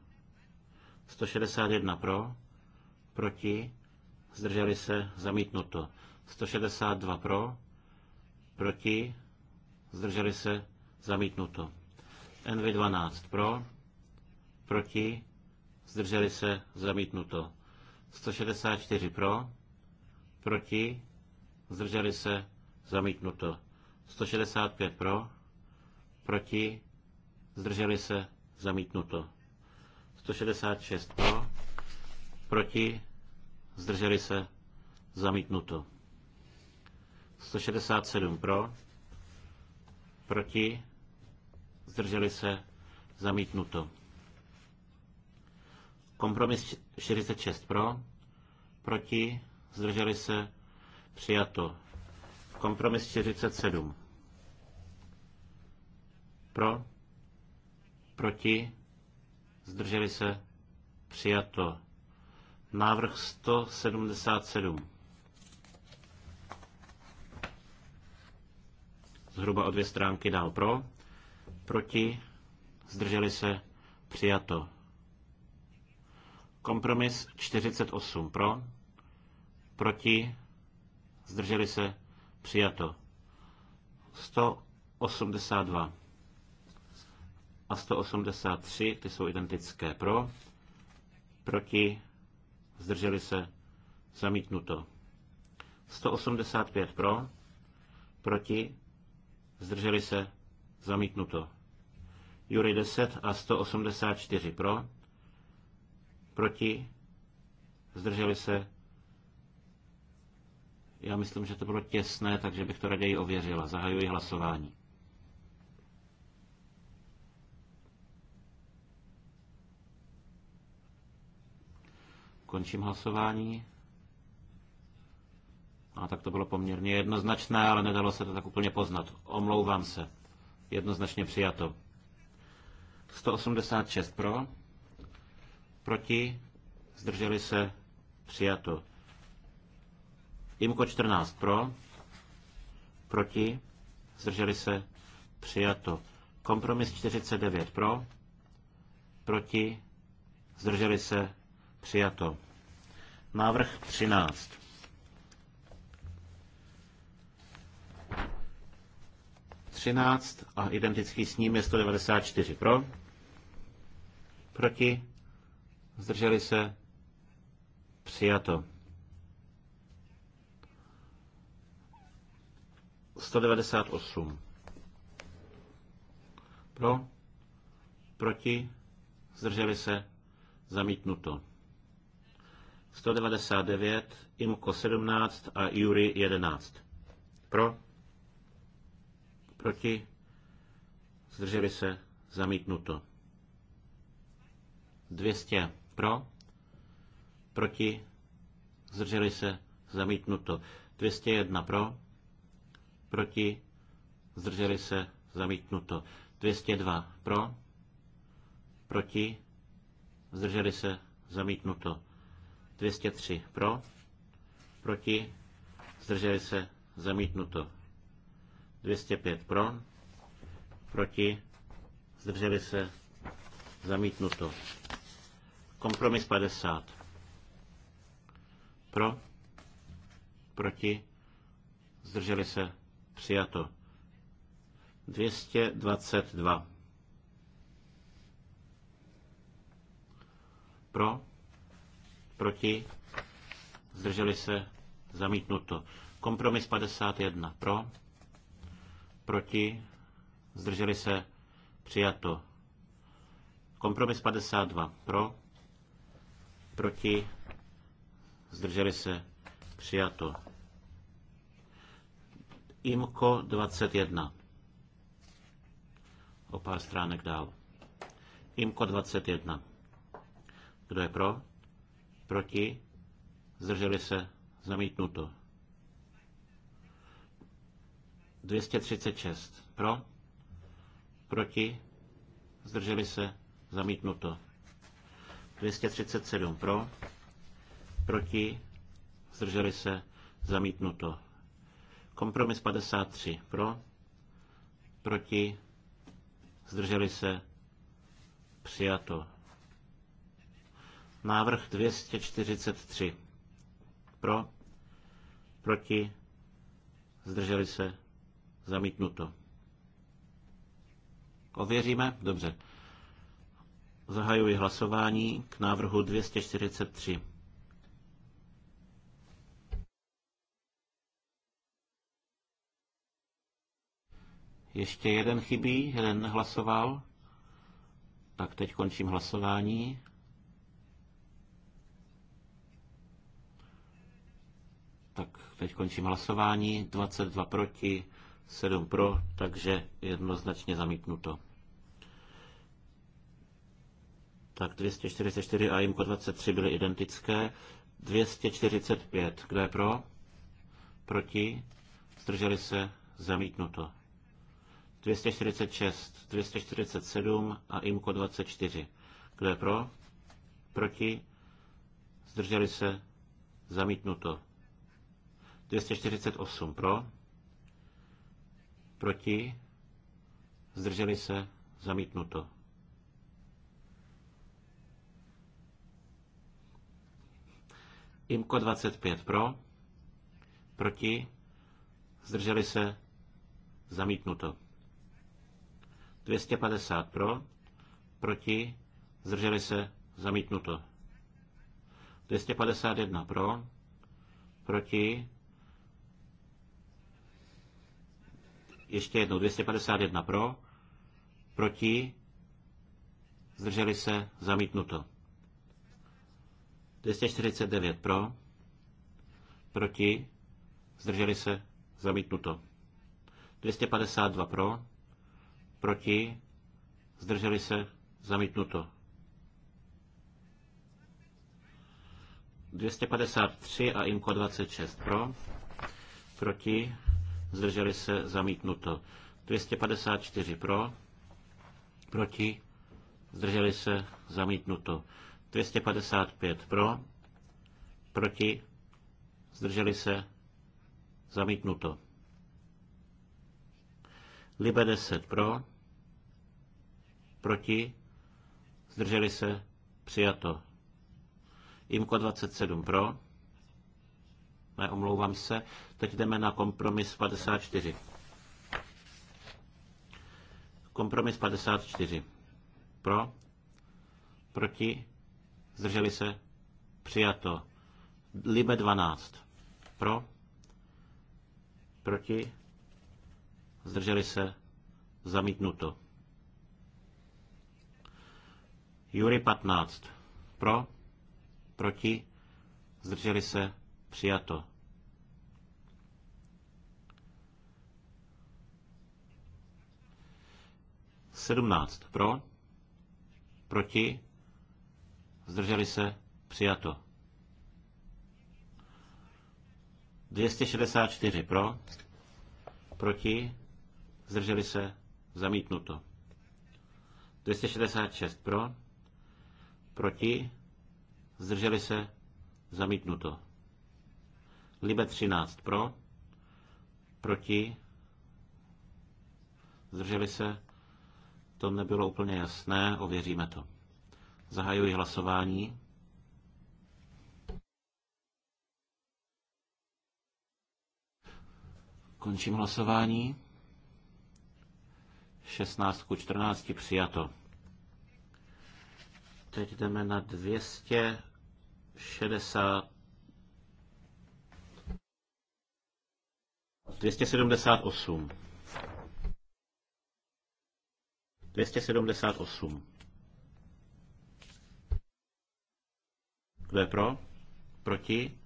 161 pro, proti, zdrželi se, zamítnuto. 162 pro, proti, zdrželi se, zamítnuto. NV12 pro, proti, zdrželi se, zamítnuto. 164 pro, proti, zdrželi se, zamítnuto. 165 pro, proti, zdrželi se, zamítnuto. 166 pro, proti, zdrželi se, zamítnuto. 167 pro, proti, zdrželi se, zamítnuto. Kompromis 46 pro, proti, zdrželi se, přijato. Kompromis 47 pro, proti, zdrželi se, přijato. Návrh 177. Zhruba o dvě stránky dál pro. Proti? Zdrželi se? Přijato. Kompromis 48 pro. Proti? Zdrželi se? Přijato. 182 a 183, ty jsou identické pro, proti, zdrželi se, zamítnuto. 185 pro, proti, zdrželi se, zamítnuto. Jury 10 a 184 pro, proti, zdrželi se. Já myslím, že to bylo těsné, takže bych to raději ověřila. Zahajuji hlasování. Končím hlasování. A tak to bylo poměrně jednoznačné, ale nedalo se to tak úplně poznat. Omlouvám se. Jednoznačně přijato. 186 pro, proti, zdrželi se, přijato. Imko 14 pro, proti, zdrželi se, přijato. Kompromis 49 pro, proti, zdrželi se, přijato. Návrh 13. 13 a identický s ním je 194 pro. Proti. Zdrželi se. Přijato. 198. Pro. Proti. Zdrželi se. Zamítnuto. 199, IMKO 17 a JURY 11. Pro Proti? Zdrželi se? Zamítnuto. 200 pro? Proti? Zdrželi se? Zamítnuto. 201 pro? Proti? Zdrželi se? Zamítnuto. 202 pro? Proti? Zdrželi se? Zamítnuto. 203 pro? Proti? Zdrželi se? Zamítnuto. 205 pro, proti, zdrželi se, zamítnuto. Kompromis 50. Pro, proti, zdrželi se, přijato. 222. Pro, proti, zdrželi se, zamítnuto. Kompromis 51. Pro, proti, zdrželi se, přijato. Kompromis 52 pro, proti, zdrželi se, přijato. IMKO 21. O pár stránek dál. IMKO 21. Kdo je pro? Proti? Zdrželi se? Zamítnuto. 236 pro, proti, zdrželi se, zamítnuto. 237 pro, proti, zdrželi se, zamítnuto. Kompromis 53 pro, proti, zdrželi se, přijato. Návrh 243 pro, proti, zdrželi se, Zamítnuto. Ověříme? Dobře. Zahajuji hlasování k návrhu 243. Ještě jeden chybí, jeden hlasoval. Tak teď končím hlasování. Tak teď končím hlasování. 22 proti, 7 pro, takže jednoznačně zamítnuto. Tak 244 a IMCO 23 byly identické. 245, kdo je pro? Proti? Zdrželi se? Zamítnuto. 246, 247 a IMCO 24. Kdo je pro? Proti? Zdrželi se? Zamítnuto. 248 pro? Proti? Zdrželi se? Zamítnuto. Imko 25 pro, proti, zdrželi se, zamítnuto. 250 pro, proti, zdrželi se, zamítnuto. 251 pro, proti, Ještě jednou 251 pro, proti, zdrželi se, zamítnuto. 249 pro, proti, zdrželi se, zamítnuto. 252 pro, proti, zdrželi se, zamítnuto. 253 a IMKO 26 pro, proti, zdrželi se, zamítnuto. 254 pro, proti, zdrželi se, zamítnuto. 255 pro, proti, zdrželi se, zamítnuto. Libe 10 pro, proti, zdrželi se, přijato. Imko 27 pro, ne, omlouvám se. Teď jdeme na kompromis 54. Kompromis 54. Pro? Proti? Zdrželi se? Přijato. Libe 12. Pro? Proti? Zdrželi se? Zamítnuto. Jury 15. Pro? Proti? Zdrželi se? Přijato. 17 pro, proti, zdrželi se, přijato. 264 pro, proti, zdrželi se, zamítnuto. 266 pro, proti, zdrželi se, zamítnuto. Libe 13 pro, proti, zdrželi se, to nebylo úplně jasné, ověříme to. Zahajuji hlasování. Končím hlasování. 16 ku 14 přijato. Teď jdeme na 260. 278. 278. Kdo je pro? Proti?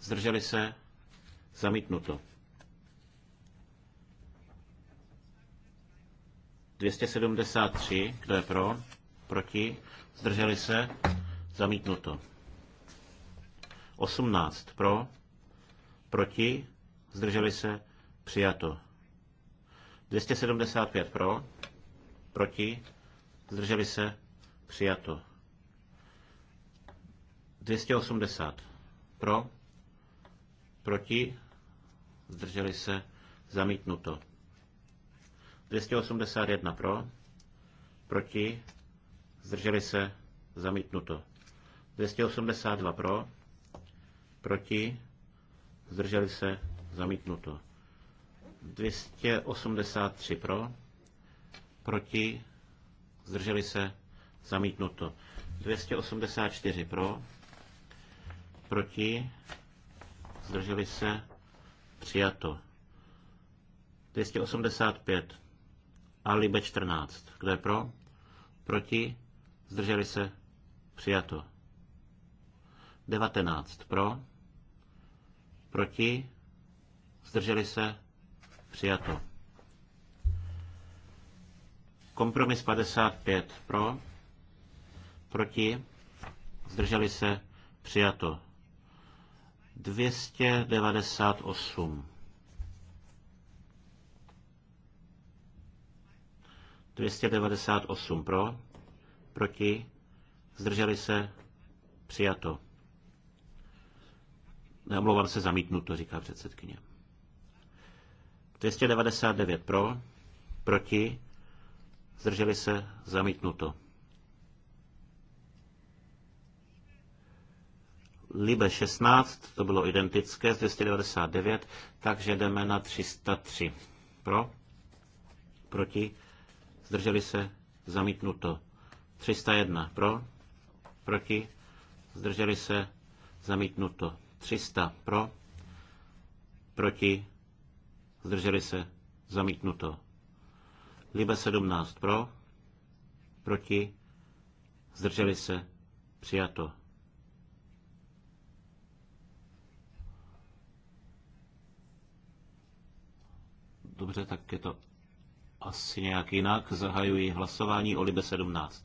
Zdrželi se? Zamítnuto. 273. Kdo je pro? Proti? Zdrželi se? Zamítnuto. 18. Pro? Proti? Zdrželi se? Přijato. 275 pro, Proti? Zdrželi se? Přijato. 280. Pro? Proti? Zdrželi se? Zamítnuto. 281 pro? Proti? Zdrželi se? Zamítnuto. 282 pro? Proti? Zdrželi se? Zamítnuto. 283 pro? proti, zdrželi se, zamítnuto. 284 pro, proti, zdrželi se, přijato. 285 a Libe 14. Kdo je pro? Proti, zdrželi se, přijato. 19 pro, proti, zdrželi se, přijato. Kompromis 55 pro, proti, zdrželi se, přijato. 298. 298 pro, proti, zdrželi se, přijato. Neomlouvám se, zamítnuto, říká předsedkyně. 299 pro, proti, Zdrželi se? Zamítnuto. Libe 16, to bylo identické z 299, takže jdeme na 303. Pro? Proti? Zdrželi se? Zamítnuto. 301. Pro? Proti? Zdrželi se? Zamítnuto. 300. Pro? Proti? Zdrželi se? Zamítnuto. Libe 17 pro, proti, zdrželi se, přijato. Dobře, tak je to asi nějak jinak. Zahajuji hlasování o Libe 17.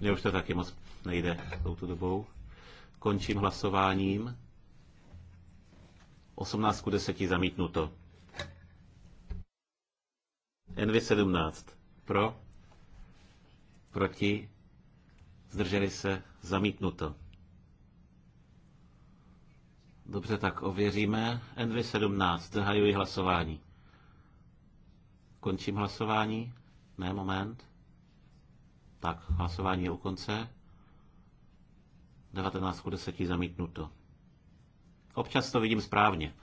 Mně už to taky moc nejde touto dobou. Končím hlasováním. 18 ku 10 zamítnuto. Envy 17. Pro. Proti. Zdrželi se. Zamítnuto. Dobře, tak ověříme. Envy 17. Zahajuji hlasování. Končím hlasování. Ne, moment. Tak, hlasování je u konce. 19 10 zamítnuto. Občas to vidím správně.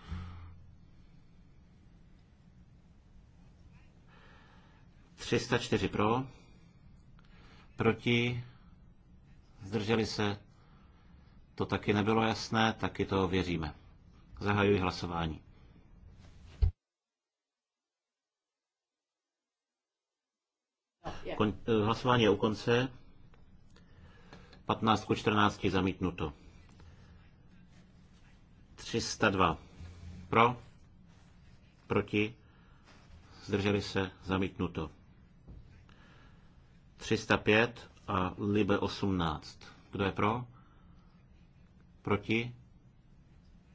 Třista čtyři pro, proti, zdrželi se, to taky nebylo jasné, taky to věříme. Zahajuji hlasování. Kon- eh, hlasování je u konce. 15 ku 14 zamítnuto. 302. Pro? Proti? Zdrželi se? Zamítnuto. 305 a Libe 18. Kdo je pro? Proti?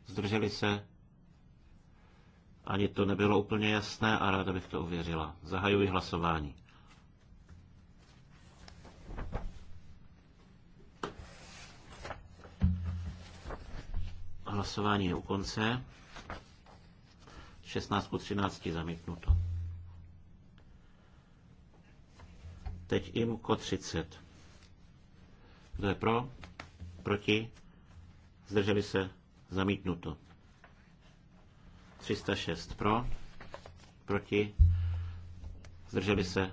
Zdrželi se? Ani to nebylo úplně jasné a ráda bych to uvěřila. Zahajuji hlasování. Hlasování je u konce. 16 po 13 zamítnuto. Teď IMKO 30. Kdo je pro? Proti? Zdrželi se? Zamítnuto. 306 pro? Proti? Zdrželi se?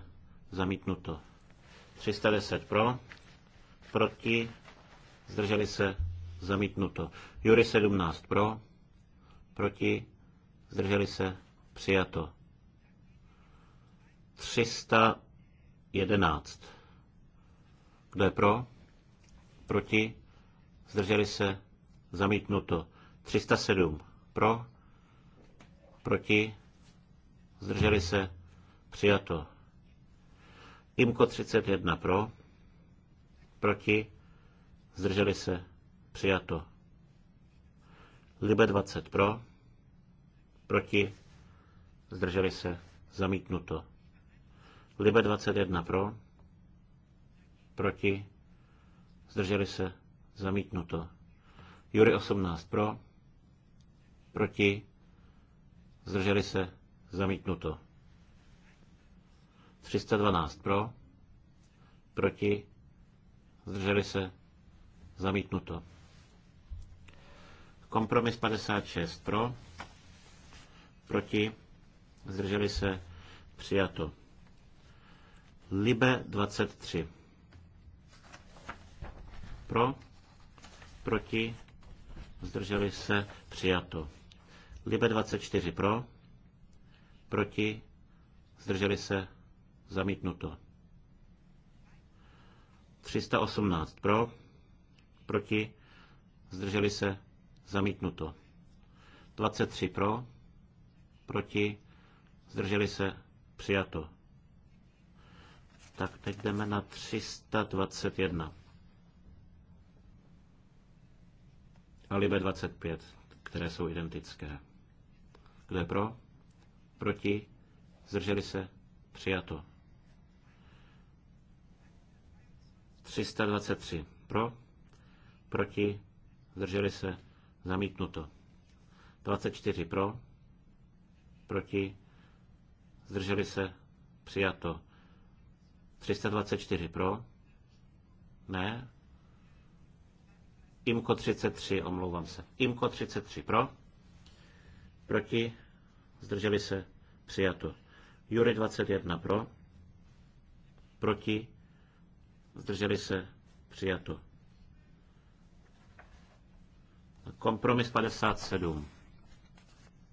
Zamítnuto. 310 pro? Proti? Zdrželi se? Zamítnuto. Jury 17 pro, proti, zdrželi se, přijato. 311. Kdo je pro? Proti? Zdrželi se? Zamítnuto. 307. Pro? Proti? Zdrželi se? Přijato. Imko 31 pro? Proti? Zdrželi se? Přijato. Libe 20 pro. Proti. Zdrželi se. Zamítnuto. Libe 21 pro. Proti. Zdrželi se. Zamítnuto. Jury 18 pro. Proti. Zdrželi se. Zamítnuto. 312 pro. Proti. Zdrželi se. Zamítnuto. Kompromis 56 pro, proti, zdrželi se, přijato. Libe 23 pro, proti, zdrželi se, přijato. Libe 24 pro, proti, zdrželi se, zamítnuto. 318 pro, proti, zdrželi se, Zamítnuto. 23 pro, proti, zdrželi se, přijato. Tak teď jdeme na 321. A Libe 25, které jsou identické. Kdo je pro? Proti? Zdrželi se? Přijato. 323. Pro? Proti? Zdrželi se? Zamítnuto. 24 pro, proti, zdrželi se, přijato. 324 pro, ne. Imko 33, omlouvám se. Imko 33 pro, proti, zdrželi se, přijato. Jury 21 pro, proti, zdrželi se, přijato. Kompromis 57.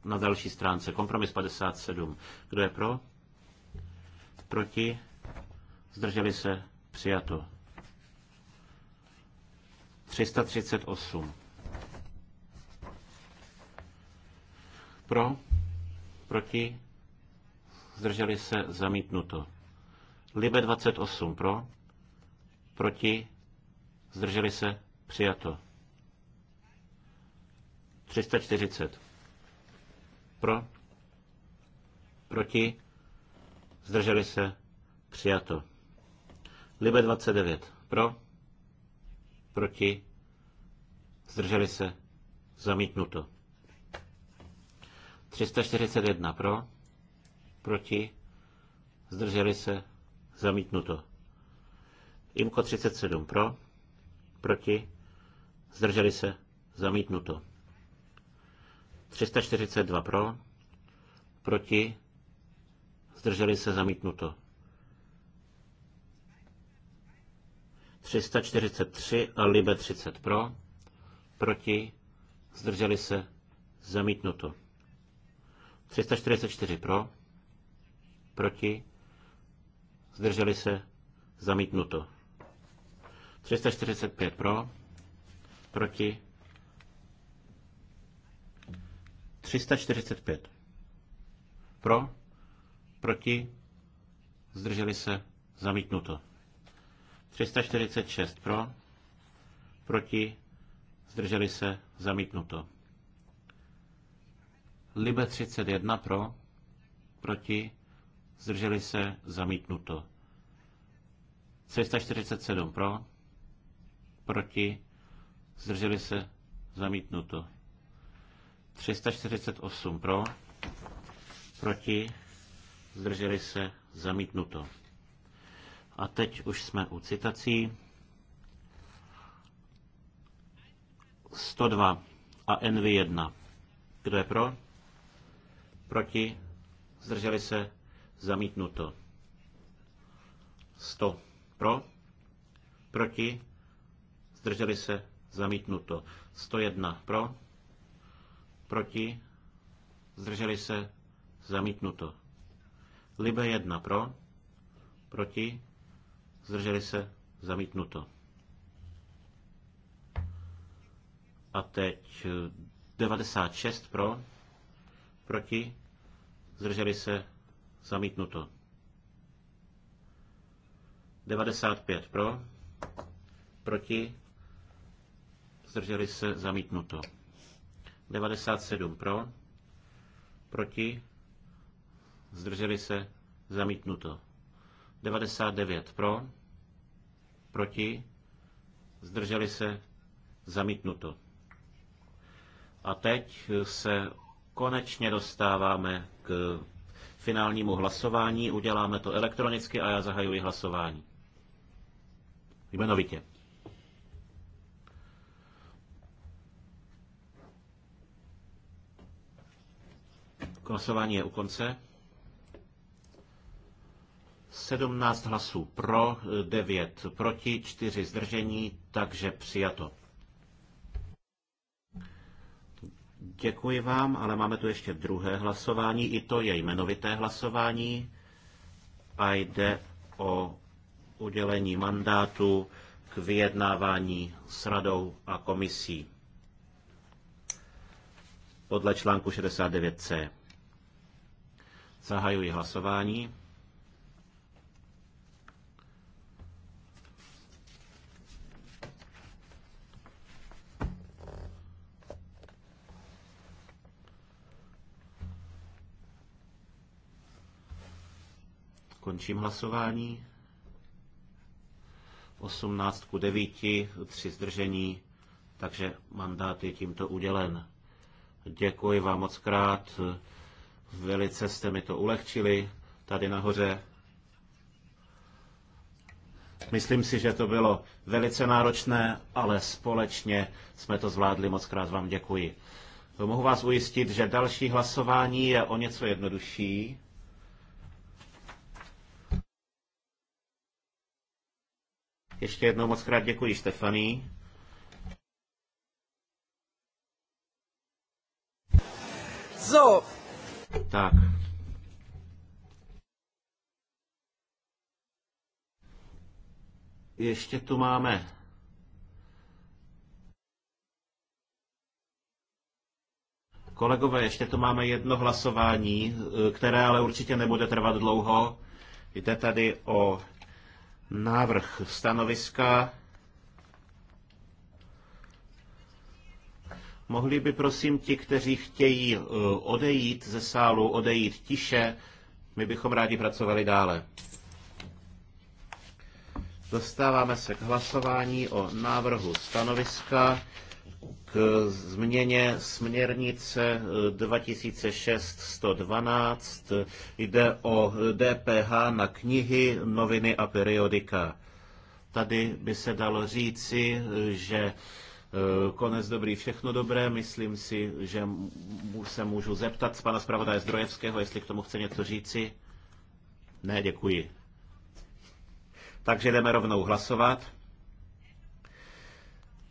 Na další stránce. Kompromis 57. Kdo je pro? Proti? Zdrželi se? Přijato. 338. Pro? Proti? Zdrželi se? Zamítnuto. Libe 28. Pro? Proti? Zdrželi se? Přijato. 340. Pro? Proti? Zdrželi se? Přijato. Libe 29. Pro? Proti? Zdrželi se? Zamítnuto. 341. Pro? Proti? Zdrželi se? Zamítnuto. Imko 37. Pro? Proti? Zdrželi se? Zamítnuto. 342 pro, proti, zdrželi se zamítnuto. 343 a Libe 30 pro, proti, zdrželi se zamítnuto. 344 pro, proti, zdrželi se zamítnuto. 345 pro, proti, 345. Pro, proti, zdrželi se, zamítnuto. 346 pro, proti, zdrželi se, zamítnuto. Libe 31 pro, proti, zdrželi se, zamítnuto. 347 pro, proti, zdrželi se, zamítnuto. 348 pro, proti, zdrželi se, zamítnuto. A teď už jsme u citací. 102 a NV1. Kdo je pro? Proti? Zdrželi se? Zamítnuto. 100 pro? Proti? Zdrželi se? Zamítnuto. 101 pro? proti, zdrželi se, zamítnuto. Libe 1 pro, proti, zdrželi se, zamítnuto. A teď 96 eh, pro, proti, zdrželi se, zamítnuto. 95 pro, proti, zdrželi se, zamítnuto. 97 pro, proti, zdrželi se, zamítnuto. 99 pro, proti, zdrželi se, zamítnuto. A teď se konečně dostáváme k finálnímu hlasování. Uděláme to elektronicky a já zahajuji hlasování. Jmenovitě. Hlasování je u konce. 17 hlasů pro, 9 proti, 4 zdržení, takže přijato. Děkuji vám, ale máme tu ještě druhé hlasování, i to je jmenovité hlasování a jde o udělení mandátu k vyjednávání s radou a komisí podle článku 69c. Zahajuji hlasování. Končím hlasování. 18 ku 9, 3 zdržení, takže mandát je tímto udělen. Děkuji vám moc krát. Velice jste mi to ulehčili tady nahoře. Myslím si, že to bylo velice náročné, ale společně jsme to zvládli. Moc krát vám děkuji. Mohu vás ujistit, že další hlasování je o něco jednodušší. Ještě jednou moc krát děkuji Štefaní. So, tak. Ještě tu máme Kolegové, ještě tu máme jedno hlasování, eh, které ale určitě nebude trvat dlouho. Jde tady o návrh stanoviska Mohli by prosím ti, kteří chtějí eh, odejít ze sálu, odejít tiše, my bychom rádi pracovali dále. Dostáváme se k hlasování o návrhu stanoviska k změně směrnice 2006-112. Eh, Jde o DPH eh, na knihy, noviny a periodika. Tady by se dalo říci, že Eh, konec dobrý, všechno dobré. Myslím si, že se můžu zeptat z pana zpravodaje Zdrojevského, jestli k tomu chce něco říci. Ne, děkuji. Takže jdeme rovnou hlasovat.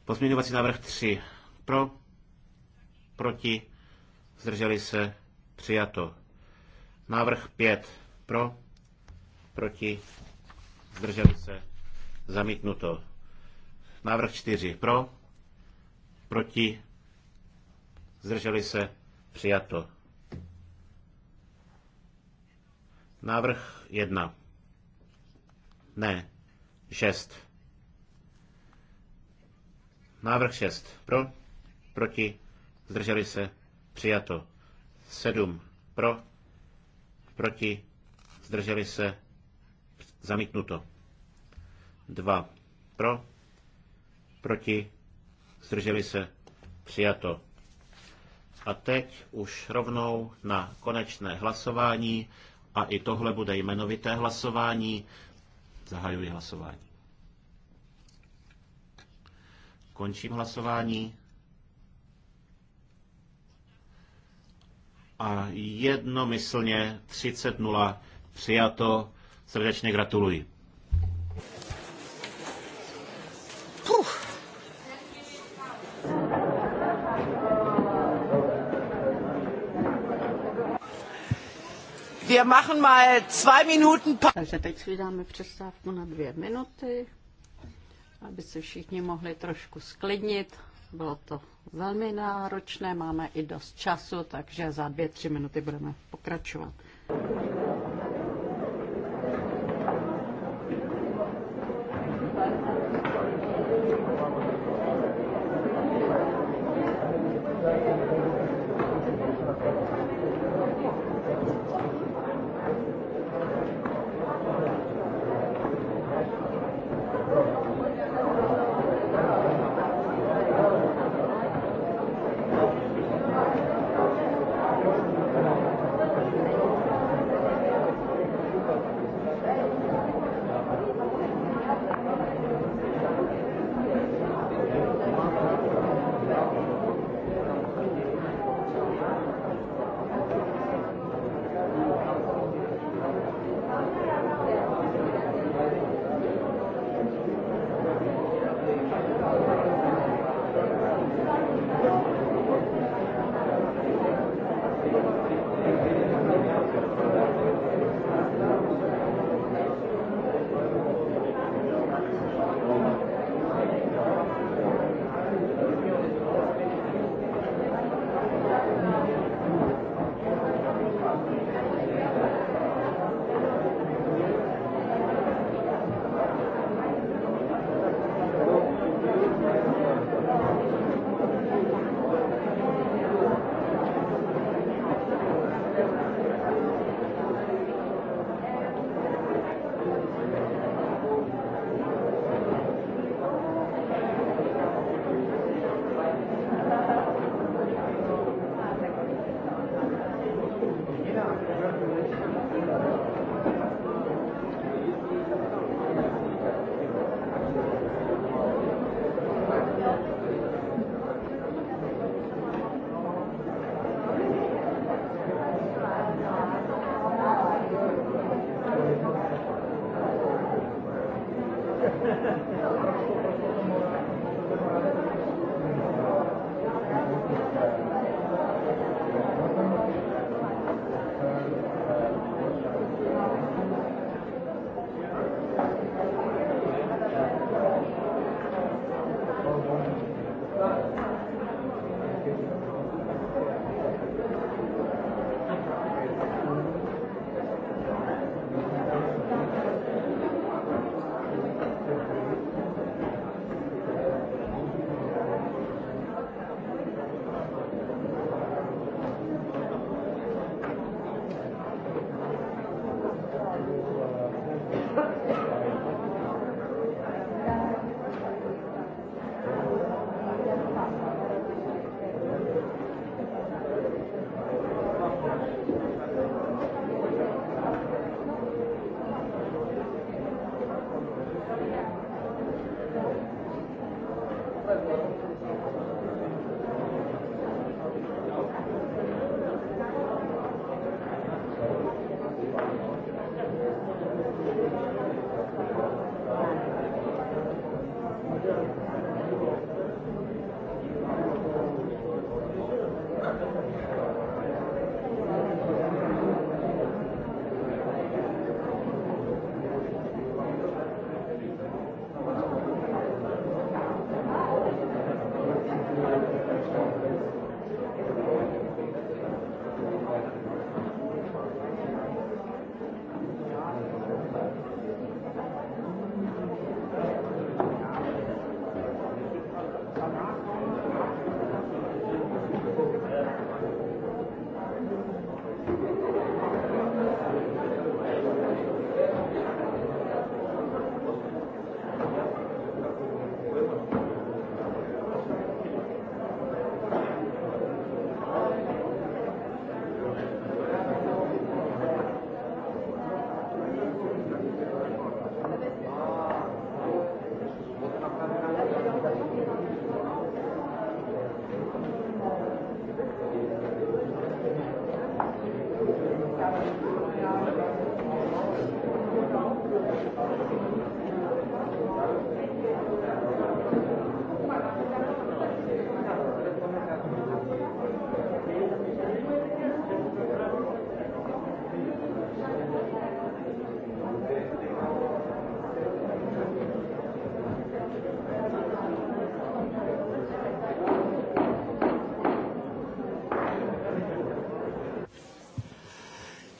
Pozměňovací návrh 3. Pro, proti, zdrželi se, přijato. Návrh 5. Pro, proti, zdrželi se, zamítnuto. Návrh 4. Pro, Proti? Zdrželi se? Přijato. Návrh 1. Ne. 6. Návrh 6. Pro? Proti? Zdrželi se? Přijato. 7. Pro? Proti? Zdrželi se? Zamítnuto. 2. Pro? Proti? zdrželi se, přijato. A teď už rovnou na konečné hlasování a i tohle bude jmenovité hlasování. Zahajuji hlasování. Končím hlasování. A jednomyslně 30.0 přijato. Srdečně gratuluji. Wir machen mal zwei Minuten Takže teď si dáme přestávku na dvě minuty, aby se všichni mohli trošku sklidnit. Bylo to velmi náročné, máme i dost času, takže za dvě, tři minuty budeme pokračovat.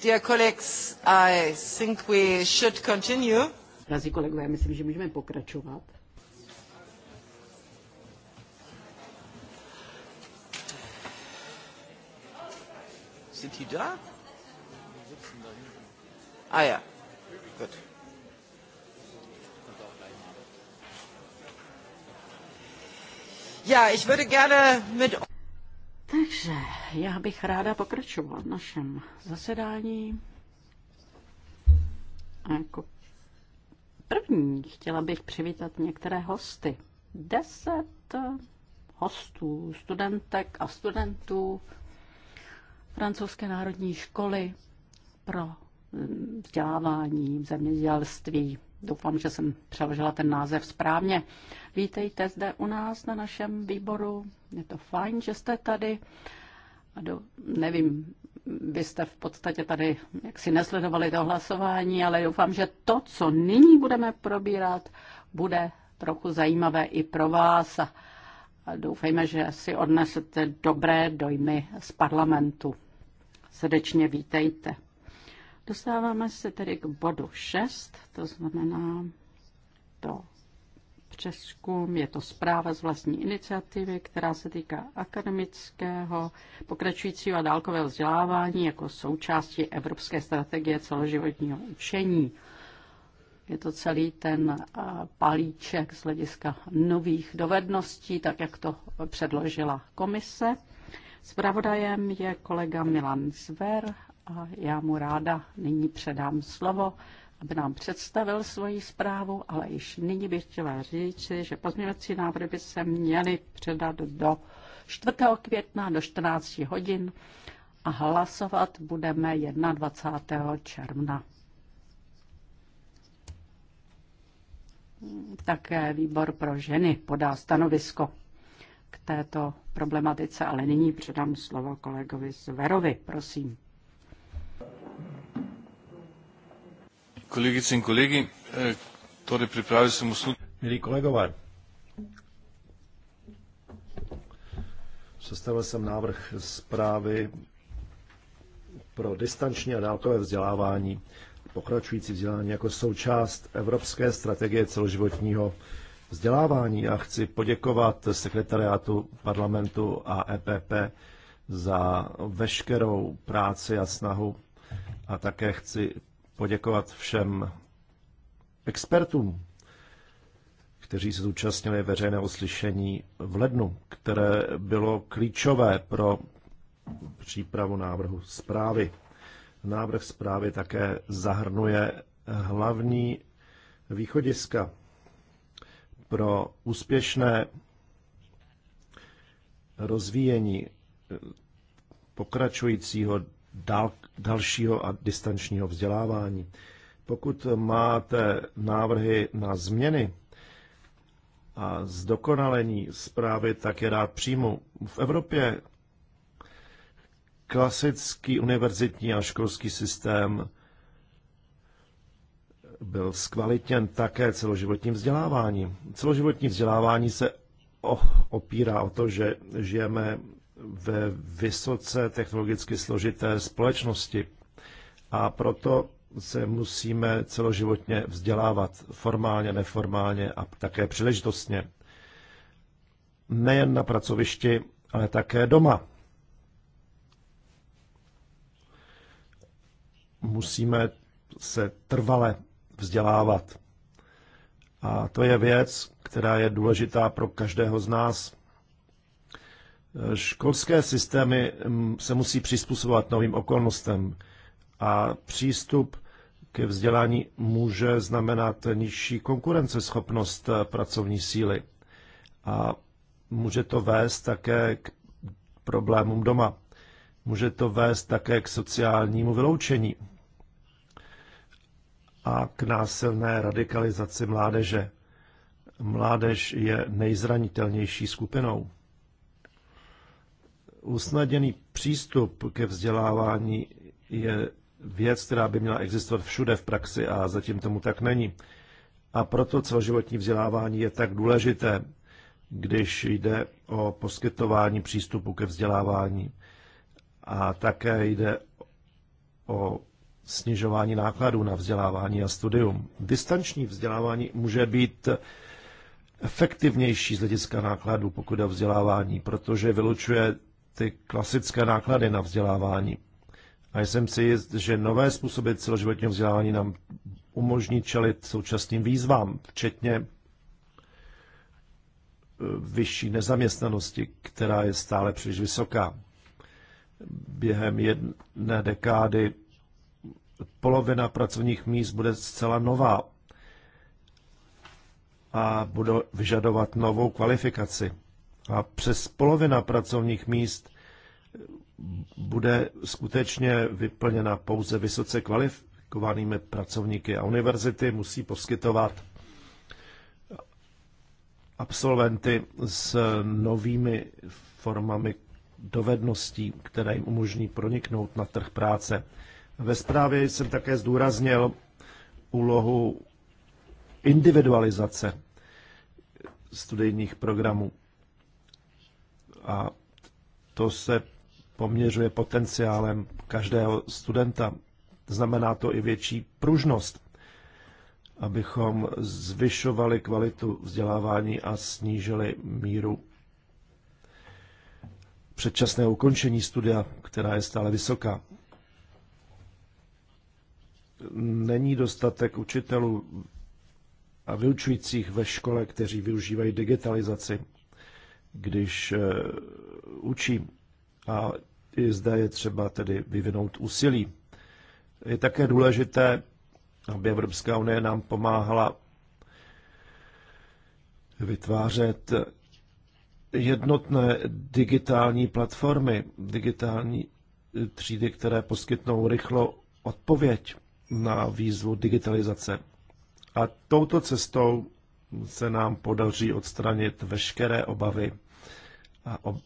Dear colleagues, I think we should continue. Drazí kolegové, myslím, že můžeme pokračovat. Sind die da? Ah ja, gut. Ja, ich würde gerne mit takže já bych ráda pokračovala v našem zasedání. A jako první chtěla bych přivítat některé hosty. Deset hostů, studentek a studentů francouzské národní školy pro vzdělávání v zemědělství. Doufám, že jsem přeložila ten název správně. Vítejte zde u nás na našem výboru. Je to fajn, že jste tady. A do, nevím, vy jste v podstatě tady jaksi nesledovali to hlasování, ale doufám, že to, co nyní budeme probírat, bude trochu zajímavé i pro vás. A doufejme, že si odnesete dobré dojmy z parlamentu. Srdečně vítejte. Dostáváme se tedy k bodu 6, to znamená to přeskum, je to zpráva z vlastní iniciativy, která se týká akademického, pokračujícího a dálkového vzdělávání jako součásti Evropské strategie celoživotního učení. Je to celý ten palíček z hlediska nových dovedností, tak jak to předložila komise. Spravodajem je kolega Milan Zver a já mu ráda nyní předám slovo, aby nám představil svoji zprávu, ale již nyní bych chtěla říct, že pozměňovací návrhy by se měly předat do 4. května do 14 hodin a hlasovat budeme 21. června. Také výbor pro ženy podá stanovisko k této problematice, ale nyní předám slovo kolegovi Zverovi, prosím. Kolegice in kolegi, eh, torej pripravil sem osnutek. Milí kolegové, sestavil jsem návrh zprávy pro distanční a dálkové vzdělávání, pokračující vzdělání jako součást Evropské strategie celoživotního vzdělávání a chci poděkovat sekretariátu parlamentu a EPP za veškerou práci a snahu a také chci poděkovat všem expertům, kteří se zúčastnili veřejného slyšení v lednu, které bylo klíčové pro přípravu návrhu zprávy. Návrh zprávy také zahrnuje hlavní východiska pro úspěšné rozvíjení pokračujícího dál, dalšího a distančního vzdělávání. Pokud máte návrhy na změny a zdokonalení zprávy, tak je rád přijmu. V Evropě klasický univerzitní a školský systém byl zkvalitněn také celoživotním vzděláváním. Celoživotní vzdělávání se opírá o to, že žijeme ve vysoce technologicky složité společnosti. A proto se musíme celoživotně vzdělávat formálně, neformálně a také příležitostně. Nejen na pracovišti, ale také doma. Musíme se trvale vzdělávat. A to je věc, která je důležitá pro každého z nás. Školské systémy mm, se musí přizpůsobovat novým okolnostem a přístup ke vzdělání může znamenat nižší konkurenceschopnost eh, pracovní síly a může to vést také k problémům doma. Může to vést také k sociálnímu vyloučení a k násilné radikalizaci mládeže. Mládež je nejzranitelnější skupinou usnadněný přístup ke vzdělávání je věc, která by měla existovat všude v praxi a zatím tomu tak není. A proto celoživotní vzdělávání je tak důležité, když jde o poskytování přístupu ke vzdělávání. A také jde o snižování nákladů na vzdělávání a studium. Distanční vzdělávání může být efektivnější z hlediska nákladů, pokud je o vzdělávání, protože vylučuje ty klasické náklady na vzdělávání. A jsem si jist, že nové způsoby celoživotního vzdělávání nám umožní čelit současným výzvám, včetně eh, vyšší nezaměstnanosti, která je stále příliš vysoká. Během jedné dekády polovina pracovních míst bude zcela nová a bude vyžadovat novou kvalifikaci a přes polovina pracovních míst bude skutečně vyplněna pouze vysoce kvalifikovanými pracovníky a univerzity musí poskytovat absolventy s novými formami dovedností, které jim umožní proniknout na trh práce. Ve zprávě jsem také zdůraznil úlohu individualizace studijních programů a to se poměřuje potenciálem každého studenta. Znamená to i větší pružnost, abychom zvyšovali kvalitu vzdělávání a snížili míru předčasného ukončení studia, která je stále vysoká. Není dostatek učitelů a vyučujících ve škole, kteří využívají digitalizaci když eh, učím. A i zde je třeba tedy vyvinout úsilí. Je také důležité, aby Evropská unie nám pomáhala vytvářet jednotné digitální platformy, digitální třídy, které poskytnou rychlo odpověď na výzvu digitalizace. A touto cestou se nám podaří odstranit veškeré obavy a, ob,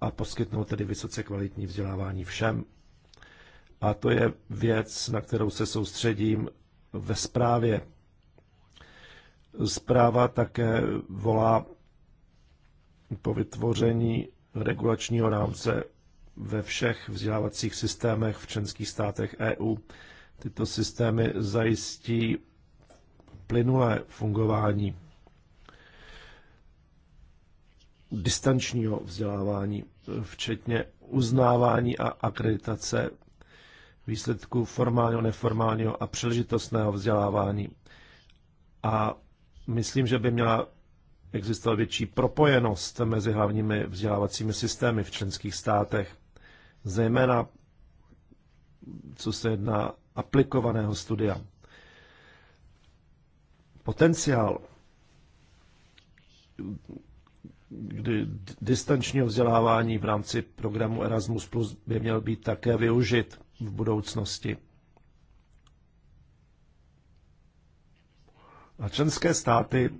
a poskytnout tedy vysoce kvalitní vzdělávání všem. A to je věc, na kterou se soustředím ve zprávě. Zpráva také volá po vytvoření regulačního rámce ve všech vzdělávacích systémech v členských státech EU. Tyto systémy zajistí plynulé fungování distančního vzdělávání, včetně uznávání a akreditace výsledků formálního, neformálního a příležitostného vzdělávání. A myslím, že by měla existovat větší propojenost mezi hlavními vzdělávacími systémy v členských státech, zejména co se jedná aplikovaného studia. Potenciál kdy distančního vzdělávání v rámci programu Erasmus Plus by měl být také využit v budoucnosti. A členské státy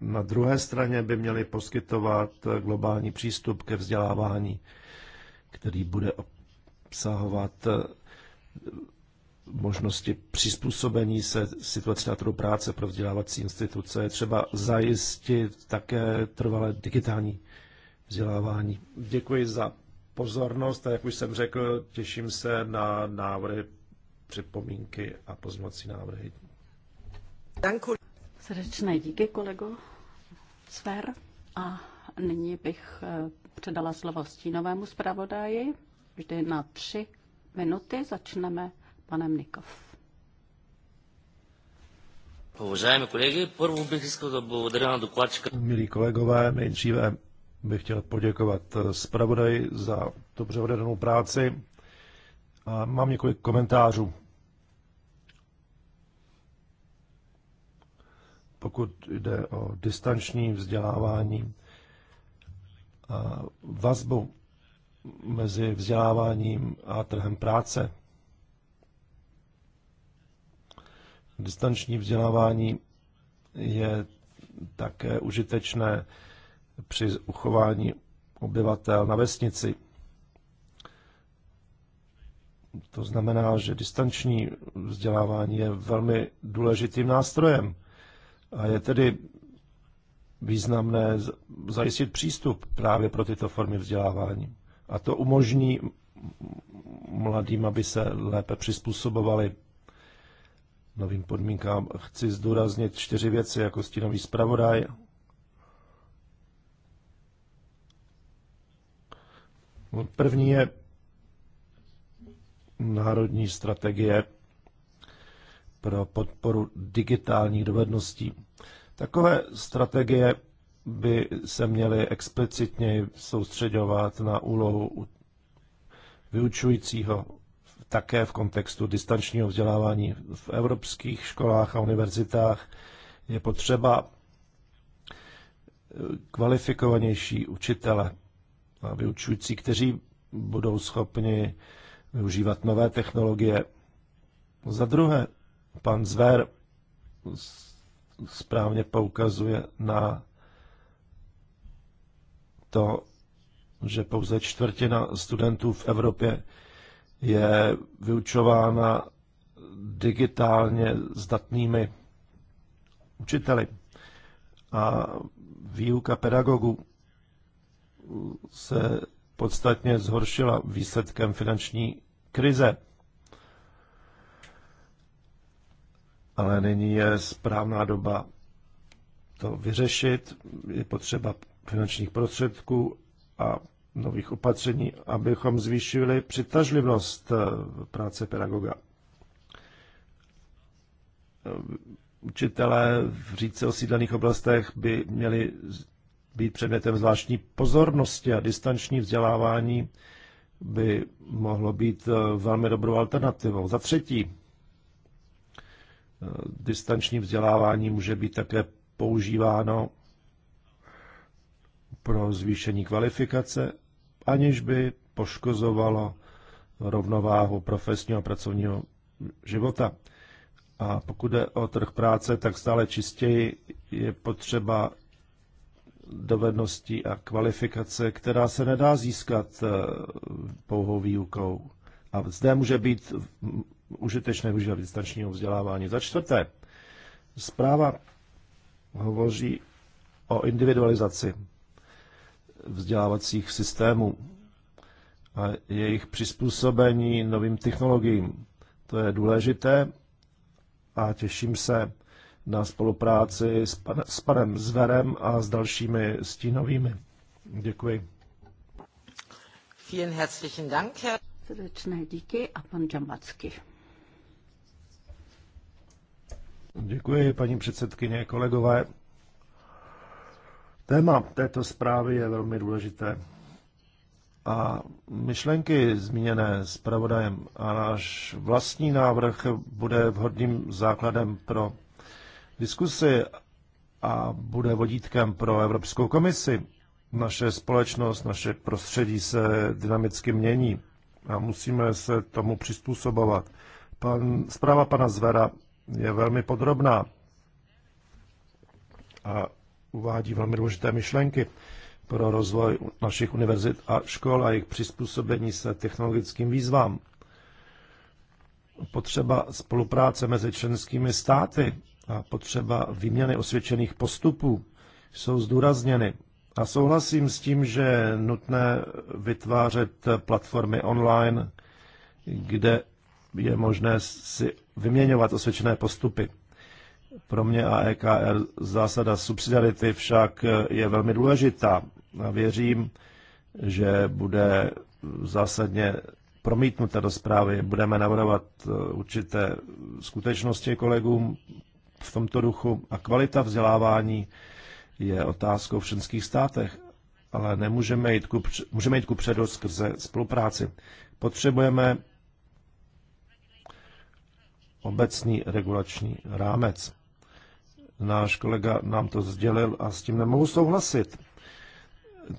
na druhé straně by měly poskytovat globální přístup ke vzdělávání, který bude obsahovat možnosti přizpůsobení se situaci na trhu práce pro vzdělávací instituce. Je třeba zajistit také trvalé digitální vzdělávání. Děkuji za pozornost a jak už jsem řekl, těším se na návrhy, připomínky a pozměňovací návrhy. Danku. Srdečné díky, kolego Sver. A nyní bych eh, předala slovo stínovému zpravodaji. Vždy na tři minuty začneme panem Nikov. Уважаеми колеги, първо бих искал да благодаря на докладчика. Milí kolegové, nejdříve bych chtěl poděkovat eh, zpravodaji za dobře odvedenou práci. A mám několik komentářů. Pokud jde o distanční vzdělávání a vazbu mezi vzděláváním a trhem práce, Distanční vzdělávání je také užitečné při uchování obyvatel na vesnici. To znamená, že distanční vzdělávání je velmi důležitým nástrojem a je tedy významné zajistit přístup právě pro tyto formy vzdělávání. A to umožní mladým, aby se lépe přizpůsobovali novým podmínkám. Chci zdůraznit čtyři věci jako stínový zpravodaj. První je národní strategie pro podporu digitálních dovedností. Takové strategie by se měly explicitně soustředovat na úlohu vyučujícího také v kontextu distančního vzdělávání v evropských školách a univerzitách je potřeba kvalifikovanější učitele a vyučující, kteří budou schopni využívat nové technologie. Za druhé, pan Zver správně poukazuje na to, že pouze čtvrtina studentů v Evropě je vyučována digitálně zdatnými učiteli. A výuka pedagogů se podstatně zhoršila výsledkem finanční krize. Ale nyní je správná doba to vyřešit. Je potřeba finančních prostředků a nových opatření, abychom zvýšili přitažlivost eh, práce pedagoga. Eh, učitelé v řídce osídlených oblastech by měli být předmětem zvláštní pozornosti a distanční vzdělávání by mohlo být eh, velmi dobrou alternativou. Za třetí, distanční vzdělávání může být také používáno pro zvýšení kvalifikace aniž by poškozovalo rovnováhu profesního a pracovního života. A pokud jde o trh práce, tak stále čistěji je potřeba dovedností a kvalifikace, která se nedá získat eh, pouhou výukou. A zde může být užitečné využívat distančního vzdělávání. Za čtvrté, zpráva hovoří o individualizaci vzdělávacích systémů a jejich přizpůsobení novým technologiím. To je důležité a těším se na spolupráci s, pan, s panem Zverem a s dalšími stínovými. Děkuji. Vielen herzlichen Dank. Srdečné díky a pan Džambacky. Děkuji, paní předsedkyně, kolegové. Téma této zprávy je velmi důležité. A myšlenky zmíněné s pravodajem a náš vlastní návrh bude vhodným základem pro diskusy a bude vodítkem pro Evropskou komisi. Naše společnost, naše prostředí se dynamicky mění a musíme se tomu přizpůsobovat. Pan, zpráva pana Zvera je velmi podrobná a uvádí velmi důležité myšlenky pro rozvoj našich univerzit a škol a jejich přizpůsobení se technologickým výzvám. Potřeba spolupráce mezi členskými státy a potřeba výměny osvědčených postupů jsou zdůrazněny. A souhlasím s tím, že je nutné vytvářet platformy online, kde je možné si vyměňovat osvědčené postupy. Pro mě a EKR zásada subsidiarity však je velmi důležitá. A věřím, že bude zásadně promítnuta do zprávy. Budeme navrhovat eh, určité skutečnosti kolegům v tomto duchu a kvalita vzdělávání je otázkou v členských státech, ale nemůžeme jít ku, můžeme jít ku předu skrze spolupráci. Potřebujeme obecný regulační rámec. Náš kolega nám to sdělil a s tím nemohu souhlasit.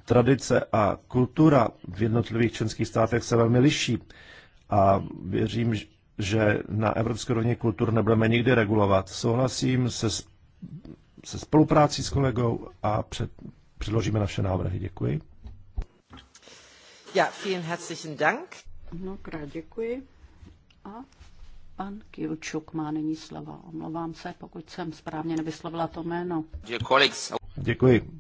Tradice a kultura v jednotlivých členských státech se velmi liší a věřím, že na evropské rovně kultur nebudeme nikdy regulovat. Souhlasím se, se spoluprácí s kolegou a před, předložíme naše návrhy. Děkuji. Ja, vielen herzlichen Dank. Mnohokrát děkuji. A Pan Kilčuk má nyní slovo. Omlouvám se, pokud jsem správně nevyslovila to jméno. Děkuji.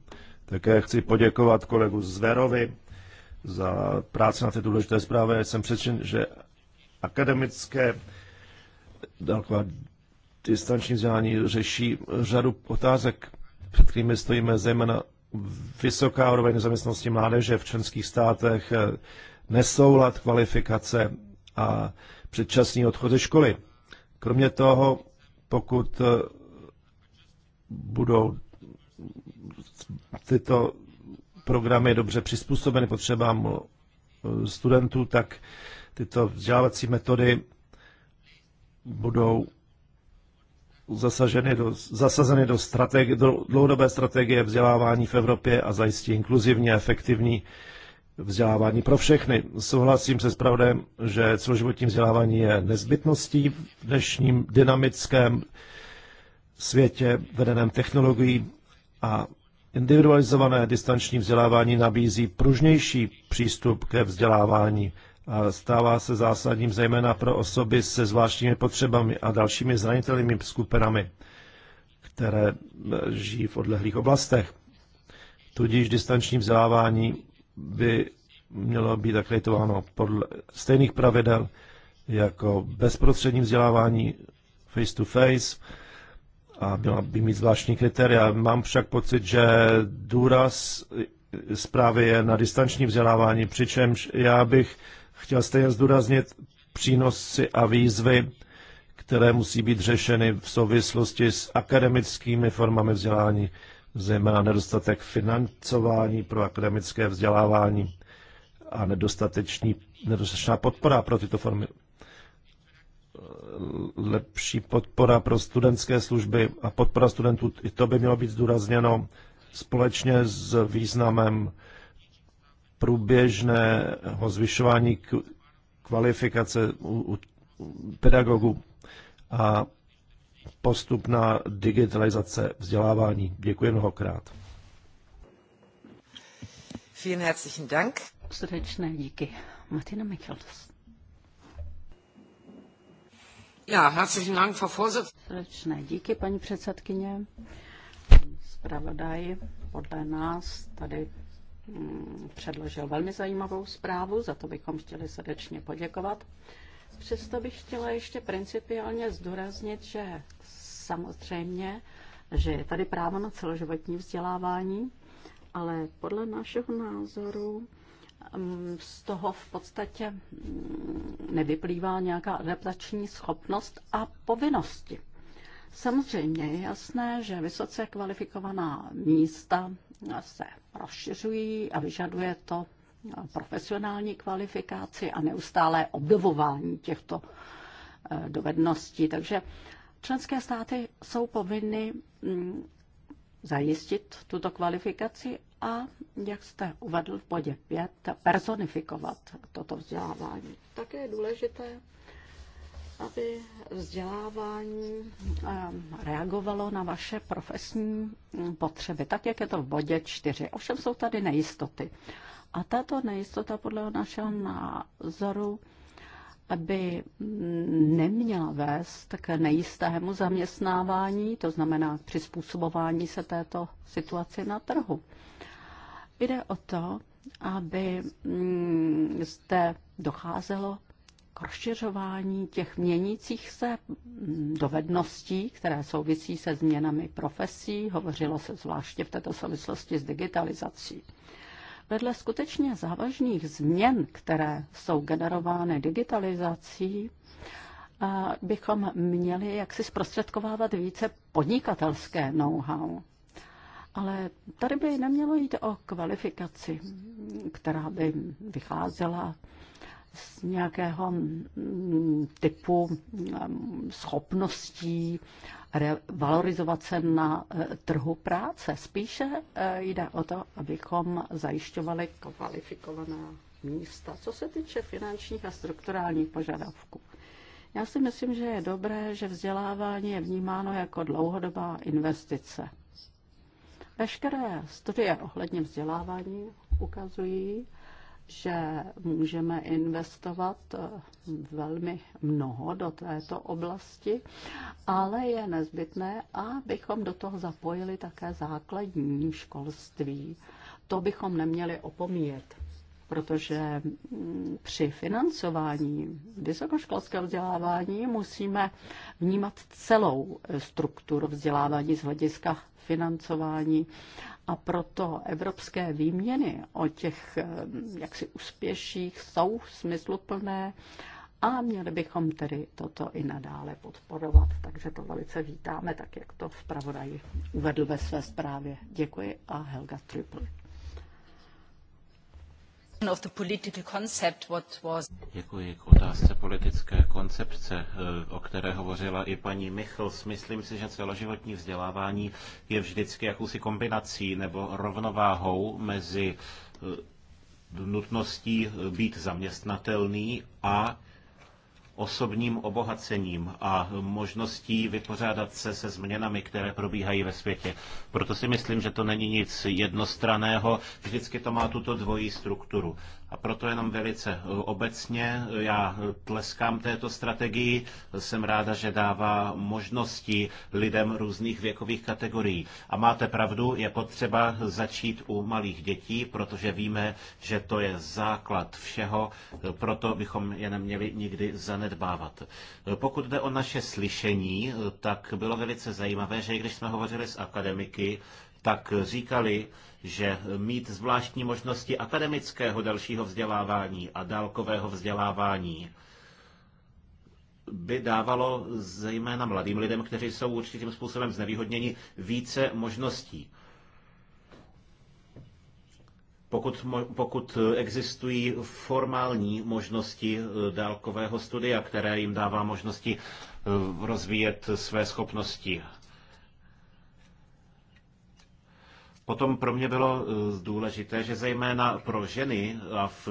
Také chci poděkovat kolegu Zverovi za práci na té důležité zprávě. Jsem přesvědčen, že akademické dálková distanční vzdělání řeší řadu otázek, před kterými stojíme zejména vysoká úroveň nezaměstnosti mládeže v členských státech, nesoulad kvalifikace a předčasný odchod ze školy. Kromě toho, pokud eh, budou tyto programy dobře přizpůsobeny potřebám eh, studentů, tak tyto vzdělávací metody budou zasaženy do, zasazeny do, strategi, do dlouhodobé strategie vzdělávání v Evropě a zajistí inkluzivní a efektivní vzdělávání pro všechny. Souhlasím se zpravodajem, že celoživotní vzdělávání je nezbytností v dnešním dynamickém světě vedeném technologií a individualizované distanční vzdělávání nabízí pružnější přístup ke vzdělávání a stává se zásadním zejména pro osoby se zvláštními potřebami a dalšími zranitelnými skupinami, které eh, žijí v odlehlých oblastech. Tudíž distanční vzdělávání by mělo být akreditováno podle stejných pravidel jako bezprostřední vzdělávání face to face a měla by mít zvláštní kritéria. Mám však pocit, že důraz zprávy je na distanční vzdělávání, přičemž já bych chtěl stejně zdůraznit přínosy a výzvy, které musí být řešeny v souvislosti s akademickými formami vzdělání zejména nedostatek financování pro akademické vzdělávání a nedostatečný, nedostatečná podpora pro tyto formy. Lepší podpora pro studentské služby a podpora studentů, i to by mělo být zdůrazněno společně s významem průběžného zvyšování kvalifikace u, u pedagogů a postupná digitalizace vzdělávání. Děkuji mnohokrát. Vielen herzlichen Dank. Srdečné díky. Martina Michels. Ja, herzlichen Dank, Frau Vorsitzende. Srdečné díky, paní předsedkyně. Spravodaj podle nás tady mm, předložil velmi zajímavou zprávu, za to bychom chtěli srdečně poděkovat. Přesto bych chtěla ještě principiálně zdůraznit, že samozřejmě, že je tady právo na celoživotní vzdělávání, ale podle našeho názoru mm, z toho v podstatě mm, nevyplývá nějaká adaptační schopnost a povinnosti. Samozřejmě je jasné, že vysoce kvalifikovaná místa se rozšiřují a vyžaduje to profesionální kvalifikaci a neustálé obdovování těchto eh, dovedností. Takže členské státy jsou povinny mm, zajistit tuto kvalifikaci a, jak jste uvedl v bodě 5, personifikovat toto vzdělávání. Také je důležité, aby vzdělávání eh, reagovalo na vaše profesní mm, potřeby, tak jak je to v bodě 4. Ovšem jsou tady nejistoty. A tato nejistota podle našeho názoru by neměla vést k nejistému zaměstnávání, to znamená přizpůsobování se této situaci na trhu. Jde o to, aby mm, zde docházelo k rozšiřování těch měnících se mm, dovedností, které souvisí se změnami profesí. Hovořilo se zvláště v této souvislosti s digitalizací vedle skutečně závažných změn, které jsou generovány digitalizací, bychom měli jaksi zprostředkovávat více podnikatelské know-how. Ale tady by nemělo jít o kvalifikaci, která by vycházela z nějakého mm, typu mm, schopností valorizovat se na e, trhu práce. Spíše e, jde o to, abychom zajišťovali kvalifikovaná místa, co se týče finančních a strukturálních požadavků. Já si myslím, že je dobré, že vzdělávání je vnímáno jako dlouhodobá investice. Veškeré studie ohledně vzdělávání ukazují, že můžeme investovat eh, velmi mnoho do této oblasti, ale je nezbytné, abychom do toho zapojili také základní školství. To bychom neměli opomíjet, protože mm, při financování vysokoškolského vzdělávání musíme vnímat celou strukturu vzdělávání z hlediska financování a proto evropské výměny o těch eh, jaksi úspěších jsou smysluplné a měli bychom tedy toto i nadále podporovat. Takže to velice vítáme, tak jak to zpravodaj uvedl ve své zprávě. Děkuji a Helga Triple. Děkuji k otázce politické koncepce, eh, o které hovořila i paní Michls. Myslím si, že celoživotní vzdělávání je vždycky jakousi kombinací nebo rovnováhou mezi eh, nutností eh, být zaměstnatelný a osobním obohacením a možností vypořádat se se změnami, které probíhají ve světě. Proto si myslím, že to není nic jednostraného, vždycky to má tuto dvojí strukturu. A proto jenom velice e, obecně e, já tleskám této strategii. Jsem ráda, že dává možnosti lidem různých věkových kategorií. A máte pravdu, je potřeba začít u malých dětí, protože víme, že to je základ všeho, e, proto bychom je neměli nikdy zanedbávat. Pokud jde o naše slyšení, tak bylo velice zajímavé, že i když jsme hovořili s akademiky, tak říkali, že mít zvláštní možnosti akademického dalšího vzdělávání a dálkového vzdělávání by dávalo zejména mladým lidem, kteří jsou určitým způsobem znevýhodněni, více možností. Pokud, pokud existují formální možnosti eh, dálkového studia, které jim dává možnosti eh, rozvíjet své schopnosti Potom pro mě bylo eh, důležité, že zejména pro ženy a v,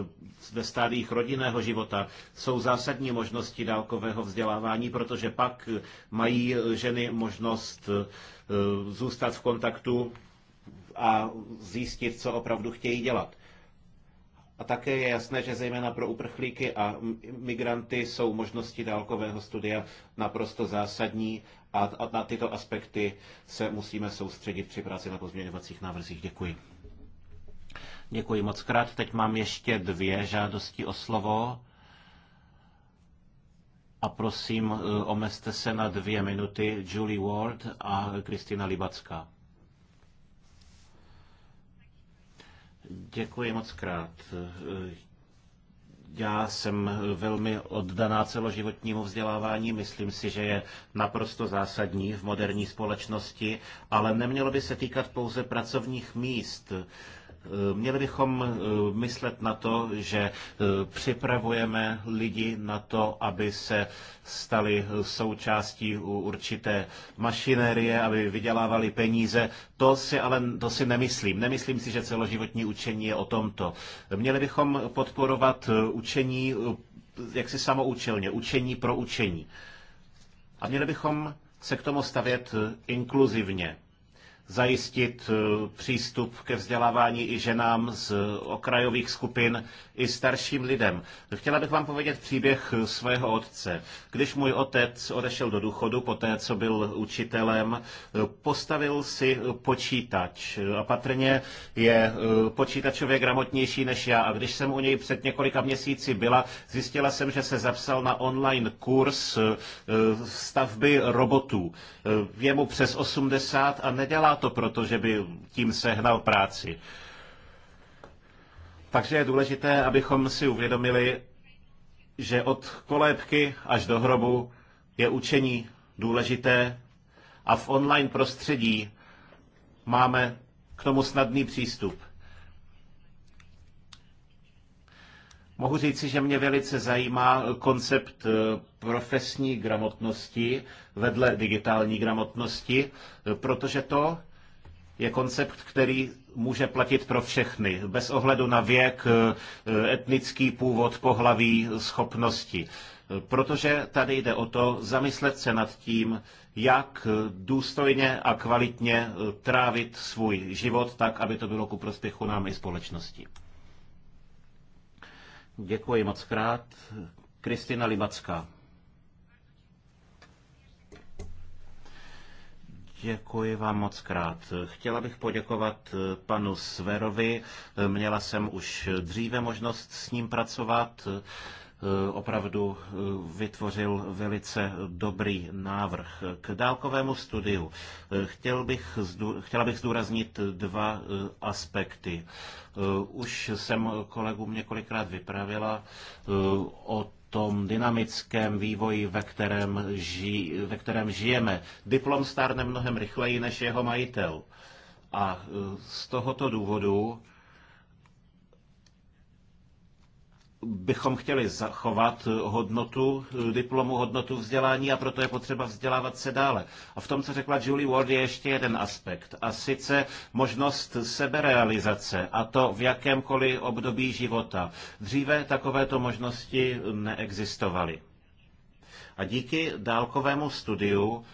ve stádiích rodinného života jsou zásadní možnosti dálkového vzdělávání, protože pak eh, mají eh, ženy možnost zůstat v kontaktu a zjistit, co opravdu chtějí dělat. A také je jasné, že zejména pro uprchlíky a migranty jsou možnosti dálkového studia naprosto zásadní a na tyto aspekty se musíme soustředit při práci na pozměňovacích návrzích. Děkuji. Děkuji moc krát. Teď mám ještě dvě žádosti o slovo. A prosím, e, omezte se na dvě minuty. Julie Ward a Kristina Libacká. Děkuji moc krát. Já jsem velmi oddaná celoživotnímu vzdělávání. Myslím si, že je naprosto zásadní v moderní společnosti, ale nemělo by se týkat pouze pracovních míst. Eh, měli bychom eh, myslet na to, že eh, připravujeme lidi na to, aby se stali součástí určité mašinérie, aby vydělávali peníze. To si ale to si nemyslím. Nemyslím si, že celoživotní učení je o tomto. Měli bychom podporovat učení jaksi samoučelně, učení pro učení. A měli bychom se k tomu stavět inkluzivně zajistit eh, přístup ke vzdělávání i ženám z eh, okrajových skupin, i starším lidem. Chtěla bych vám povědět příběh eh, svého otce. Když můj otec odešel do důchodu po té, co byl učitelem, postavil si počítač a patrně je počítačově gramotnější než já. A když jsem u něj před několika měsíci byla, zjistila jsem, že se zapsal na online kurz stavby robotů. Je mu přes 80 a nedělá to proto, že by tím sehnal práci. Takže je důležité, abychom si uvědomili, že od kolébky až do hrobu je učení důležité a v online prostředí máme k tomu snadný přístup. Mohu říci, že mě velice zajímá koncept eh, profesní gramotnosti vedle digitální gramotnosti, protože to je koncept, který může platit pro všechny, bez ohledu na věk, etnický původ, pohlaví, schopnosti. Protože tady jde o to zamyslet se nad tím, jak důstojně a kvalitně trávit svůj život tak, aby to bylo ku prospěchu nám i společnosti. Děkuji moc krát. Kristina Libacká. Děkuji vám moc krát. Chtěla bych poděkovat eh, panu Sverovi. Eh, měla jsem už dříve možnost s ním pracovat. Eh, opravdu vytvořil velice dobrý návrh k dálkovému studiu. Chtěl bych, chtěla bych zdůraznit dva aspekty. Už jsem kolegům několikrát vypravila o tom dynamickém vývoji, ve kterém, ži, ve kterém žijeme. Diplom stárne mnohem rychleji než jeho majitel. A e, z tohoto důvodu bychom chtěli zachovat hodnotu diplomu, hodnotu vzdělání a proto je potřeba vzdělávat se dále. A v tom, co řekla Julie Ward, je ještě jeden aspekt a sice možnost seberealizace a to v jakémkoliv období života. Dříve takovéto možnosti neexistovaly. A díky dálkovému studiu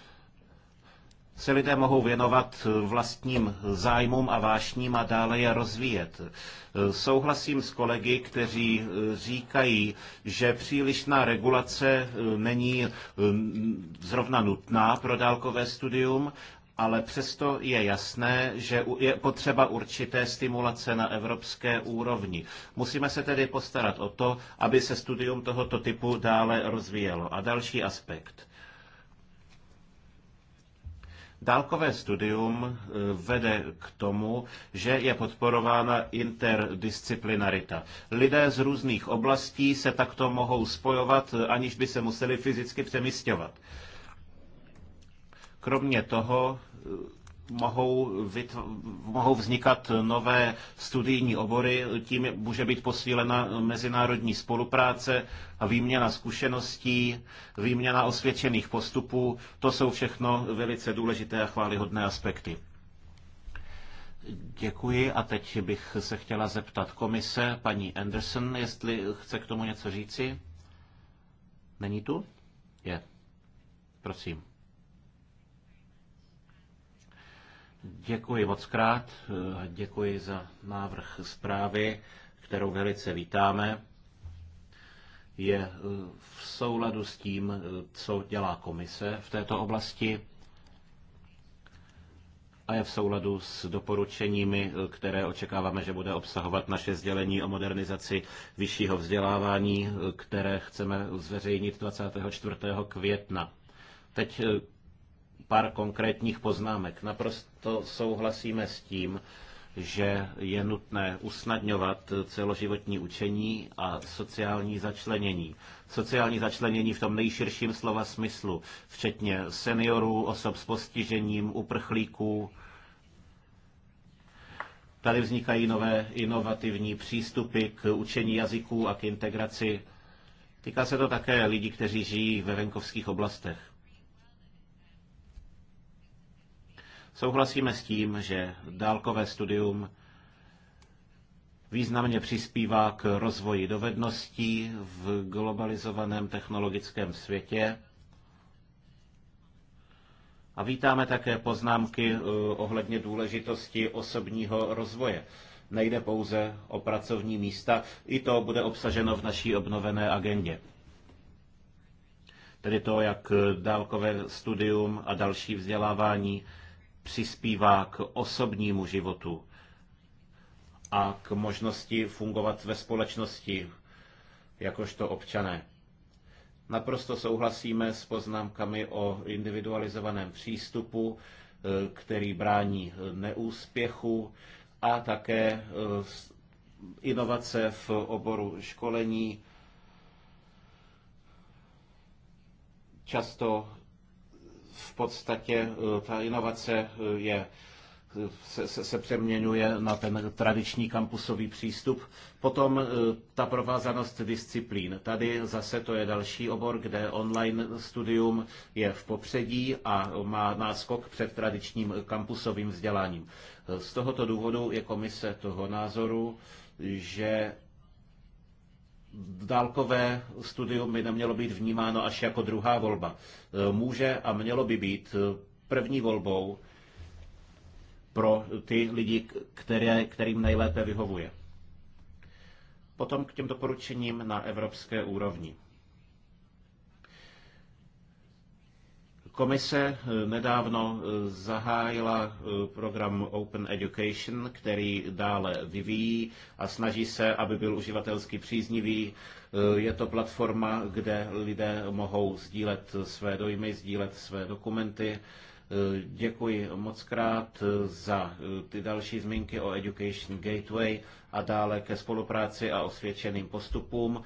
se lidé mohou věnovat vlastním zájmům a vášním a dále je rozvíjet. Souhlasím s kolegy, kteří říkají, že přílišná regulace není zrovna nutná pro dálkové studium, ale přesto je jasné, že je potřeba určité stimulace na evropské úrovni. Musíme se tedy postarat o to, aby se studium tohoto typu dále rozvíjelo. A další aspekt. Dálkové studium eh, vede k tomu, že je podporována interdisciplinarita. Lidé z různých oblastí se takto mohou spojovat, eh, aniž by se museli fyzicky přemysťovat. Kromě toho eh, mohou, mohou vznikat nové studijní obory, tím může být posílena mezinárodní spolupráce a výměna zkušeností, výměna osvědčených postupů. To jsou všechno velice důležité a chválihodné aspekty. Děkuji a teď bych se chtěla zeptat komise, paní Anderson, jestli chce k tomu něco říci. Není tu? Je. Prosím. Děkuji moc krát, děkuji za návrh zprávy, kterou velice vítáme. Je e, v souladu s tím, e, co dělá komise v této oblasti a je v souladu s doporučeními, e, které očekáváme, že bude obsahovat naše sdělení o modernizaci vyššího vzdělávání, které chceme zveřejnit 24. května. Teď pár konkrétních poznámek. Naprosto souhlasíme s tím, že je nutné usnadňovat celoživotní učení a sociální začlenění. Sociální začlenění v tom nejširším slova smyslu, včetně seniorů, osob s postižením, uprchlíků. Tady vznikají nové inovativní přístupy k učení jazyků a k integraci. Týká se to také lidí, kteří žijí ve venkovských oblastech. Souhlasíme s tím, že dálkové studium významně přispívá k rozvoji dovedností v globalizovaném technologickém světě. A vítáme také poznámky eh, ohledně důležitosti osobního rozvoje. Nejde pouze o pracovní místa, i to bude obsaženo v naší obnovené agendě. Tedy to, jak dálkové studium a další vzdělávání přispívá k osobnímu životu a k možnosti fungovat ve společnosti jakožto občané. Naprosto souhlasíme s poznámkami o individualizovaném přístupu, e, který brání neúspěchu a také e, inovace v oboru školení často v podstatě eh, ta inovace eh, je se, se, se přeměňuje na ten tradiční kampusový přístup. Potom eh, ta provázanost disciplín. Tady zase to je další obor, kde online studium je v popředí a má náskok před tradičním kampusovým vzděláním. Z tohoto důvodu je komise toho názoru, že dálkové studium by nemělo být vnímáno až jako druhá volba. E, může a mělo by být e, první volbou pro ty lidi, které, kterým nejlépe vyhovuje. Potom k těm doporučením na evropské úrovni. Komise eh, nedávno eh, zahájila eh, program Open Education, který dále vyvíjí a snaží se, aby byl uživatelsky příznivý. Je to platforma, kde lidé mohou sdílet své dojmy, sdílet své dokumenty. Děkuji moc krát za ty další zmínky o Education Gateway a dále ke spolupráci a osvědčeným postupům.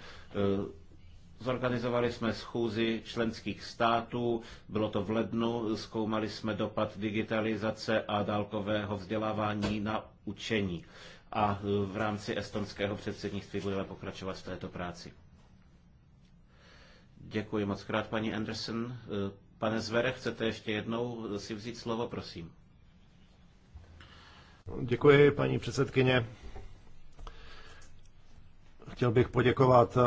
Zorganizovali jsme schůzi členských států, bylo to v lednu, zkoumali jsme dopad digitalizace a dálkového vzdělávání na učení. A e, v rámci estonského předsednictví budeme pokračovat v této práci. Děkuji moc krát, paní Anderson. E, pane Zvere, chcete ještě jednou si vzít slovo, prosím. Děkuji, paní předsedkyně. Chtěl bych poděkovat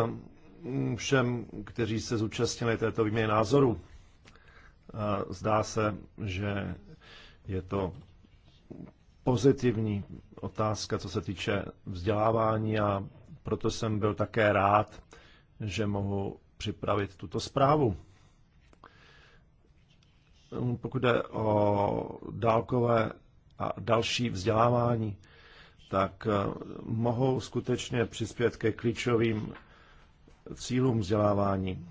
všem, kteří se zúčastnili této výměny názoru. Zdá se, že je to pozitivní otázka, co se týče vzdělávání a proto jsem byl také rád, že mohu připravit tuto zprávu. Pokud jde o dálkové a další vzdělávání, tak eh, mohou skutečně přispět ke klíčovým cílům vzdělávání.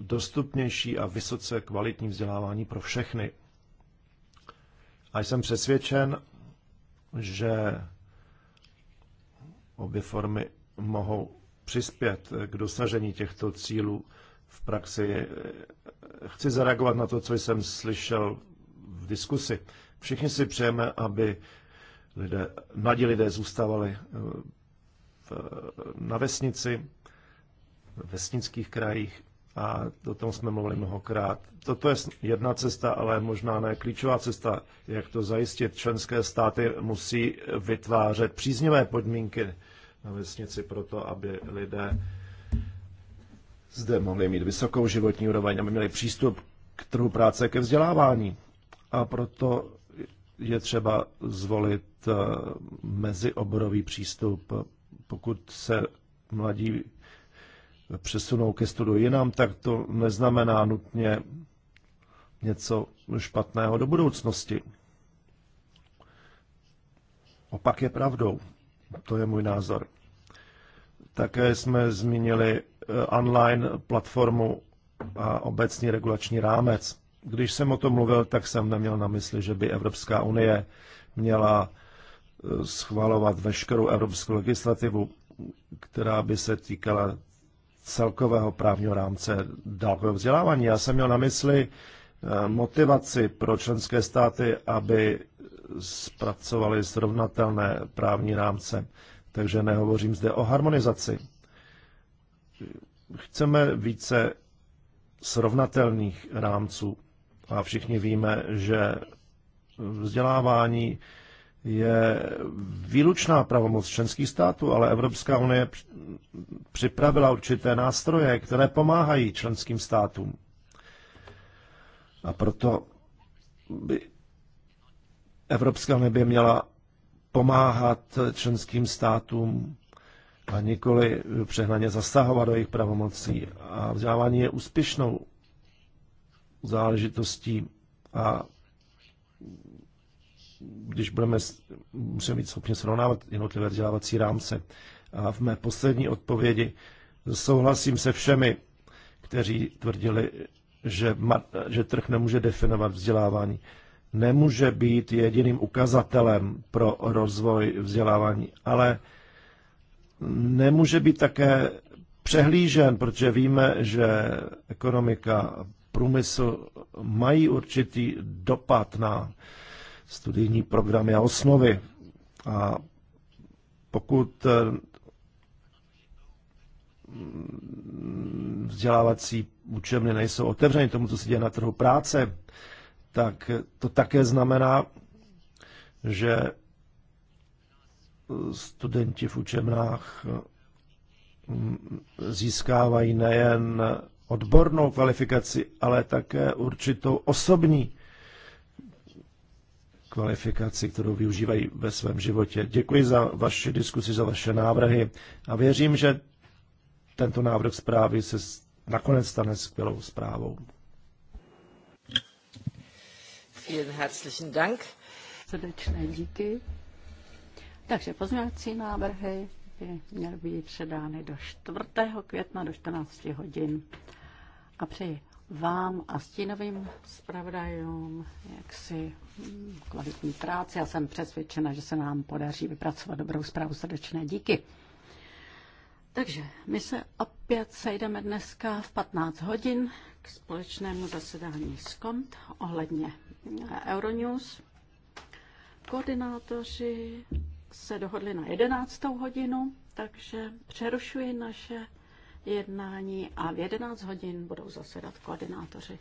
Dostupnější a vysoce kvalitní vzdělávání pro všechny. A jsem přesvědčen, že obě formy mohou přispět k dosažení těchto cílů v praxi. Chci zareagovat na to, co jsem slyšel v diskusi. Všichni si přejeme, aby lidé, mladí lidé zůstávali eh, na vesnici, vesnických krajích a o tom jsme mluvili mnohokrát. Toto je jedna cesta, ale možná ne klíčová cesta, jak to zajistit. Členské státy musí vytvářet příznivé podmínky na vesnici pro to, aby lidé zde mohli mít vysokou životní úroveň, aby měli přístup k trhu práce, ke vzdělávání. A proto je třeba zvolit eh, mezioborový přístup. Pokud se mladí přesunou ke studu jinam, tak to neznamená nutně něco špatného do budoucnosti. Opak je pravdou. To je můj názor. Také jsme zmínili eh, online platformu a obecní regulační rámec. Když jsem o tom mluvil, tak jsem neměl na mysli, že by Evropská unie měla eh, schvalovat veškerou evropskou legislativu, která by se týkala celkového právního rámce dálkového vzdělávání. Já jsem měl na mysli eh, motivaci pro členské státy, aby zpracovali srovnatelné právní rámce. Takže nehovořím zde o harmonizaci. Chceme více srovnatelných rámců. A všichni víme, že vzdělávání je výlučná pravomoc členských států, ale Evropská unie připravila určité nástroje, které pomáhají členským státům. A proto by Evropská unie by měla pomáhat členským státům a nikoli přehnaně zasahovat do jejich pravomocí. A vzdělávání je úspěšnou záležitostí a když budeme musíme být schopni srovnávat jednotlivé vzdělávací rámce. A v mé poslední odpovědi souhlasím se všemi, kteří tvrdili, že, že trh nemůže definovat vzdělávání. Nemůže být jediným ukazatelem pro rozvoj vzdělávání, ale nemůže být také přehlížen, protože víme, že ekonomika, průmysl mají určitý dopad na studijní programy a osnovy. A pokud eh, mm, vzdělávací učebny nejsou otevřeny tomu, co se děje na trhu práce, tak to také znamená, že eh, studenti v učebnách mm, získávají nejen odbornou kvalifikaci, ale také určitou osobní kvalifikaci, kterou využívají ve svém životě. Děkuji za vaši diskusi, za vaše návrhy a věřím, že tento návrh zprávy se nakonec stane skvělou zprávou. Vielen herzlichen Dank. Srdečné díky. Takže pozměňovací návrhy by měly být předány do 4. května do 14 hodin. A přeji vám a stínovým zpravodajům jaksi hm, kvalitní práci. Já jsem přesvědčena, že se nám podaří vypracovat dobrou zprávu. Srdečné díky. Takže my se opět sejdeme dneska v 15 hodin k společnému zasedání s KOMT ohledně eh, Euronews. Koordinátoři se dohodli na 11. hodinu, takže přerušuji naše jednání a v 11 hodin budou zasedat koordinátoři.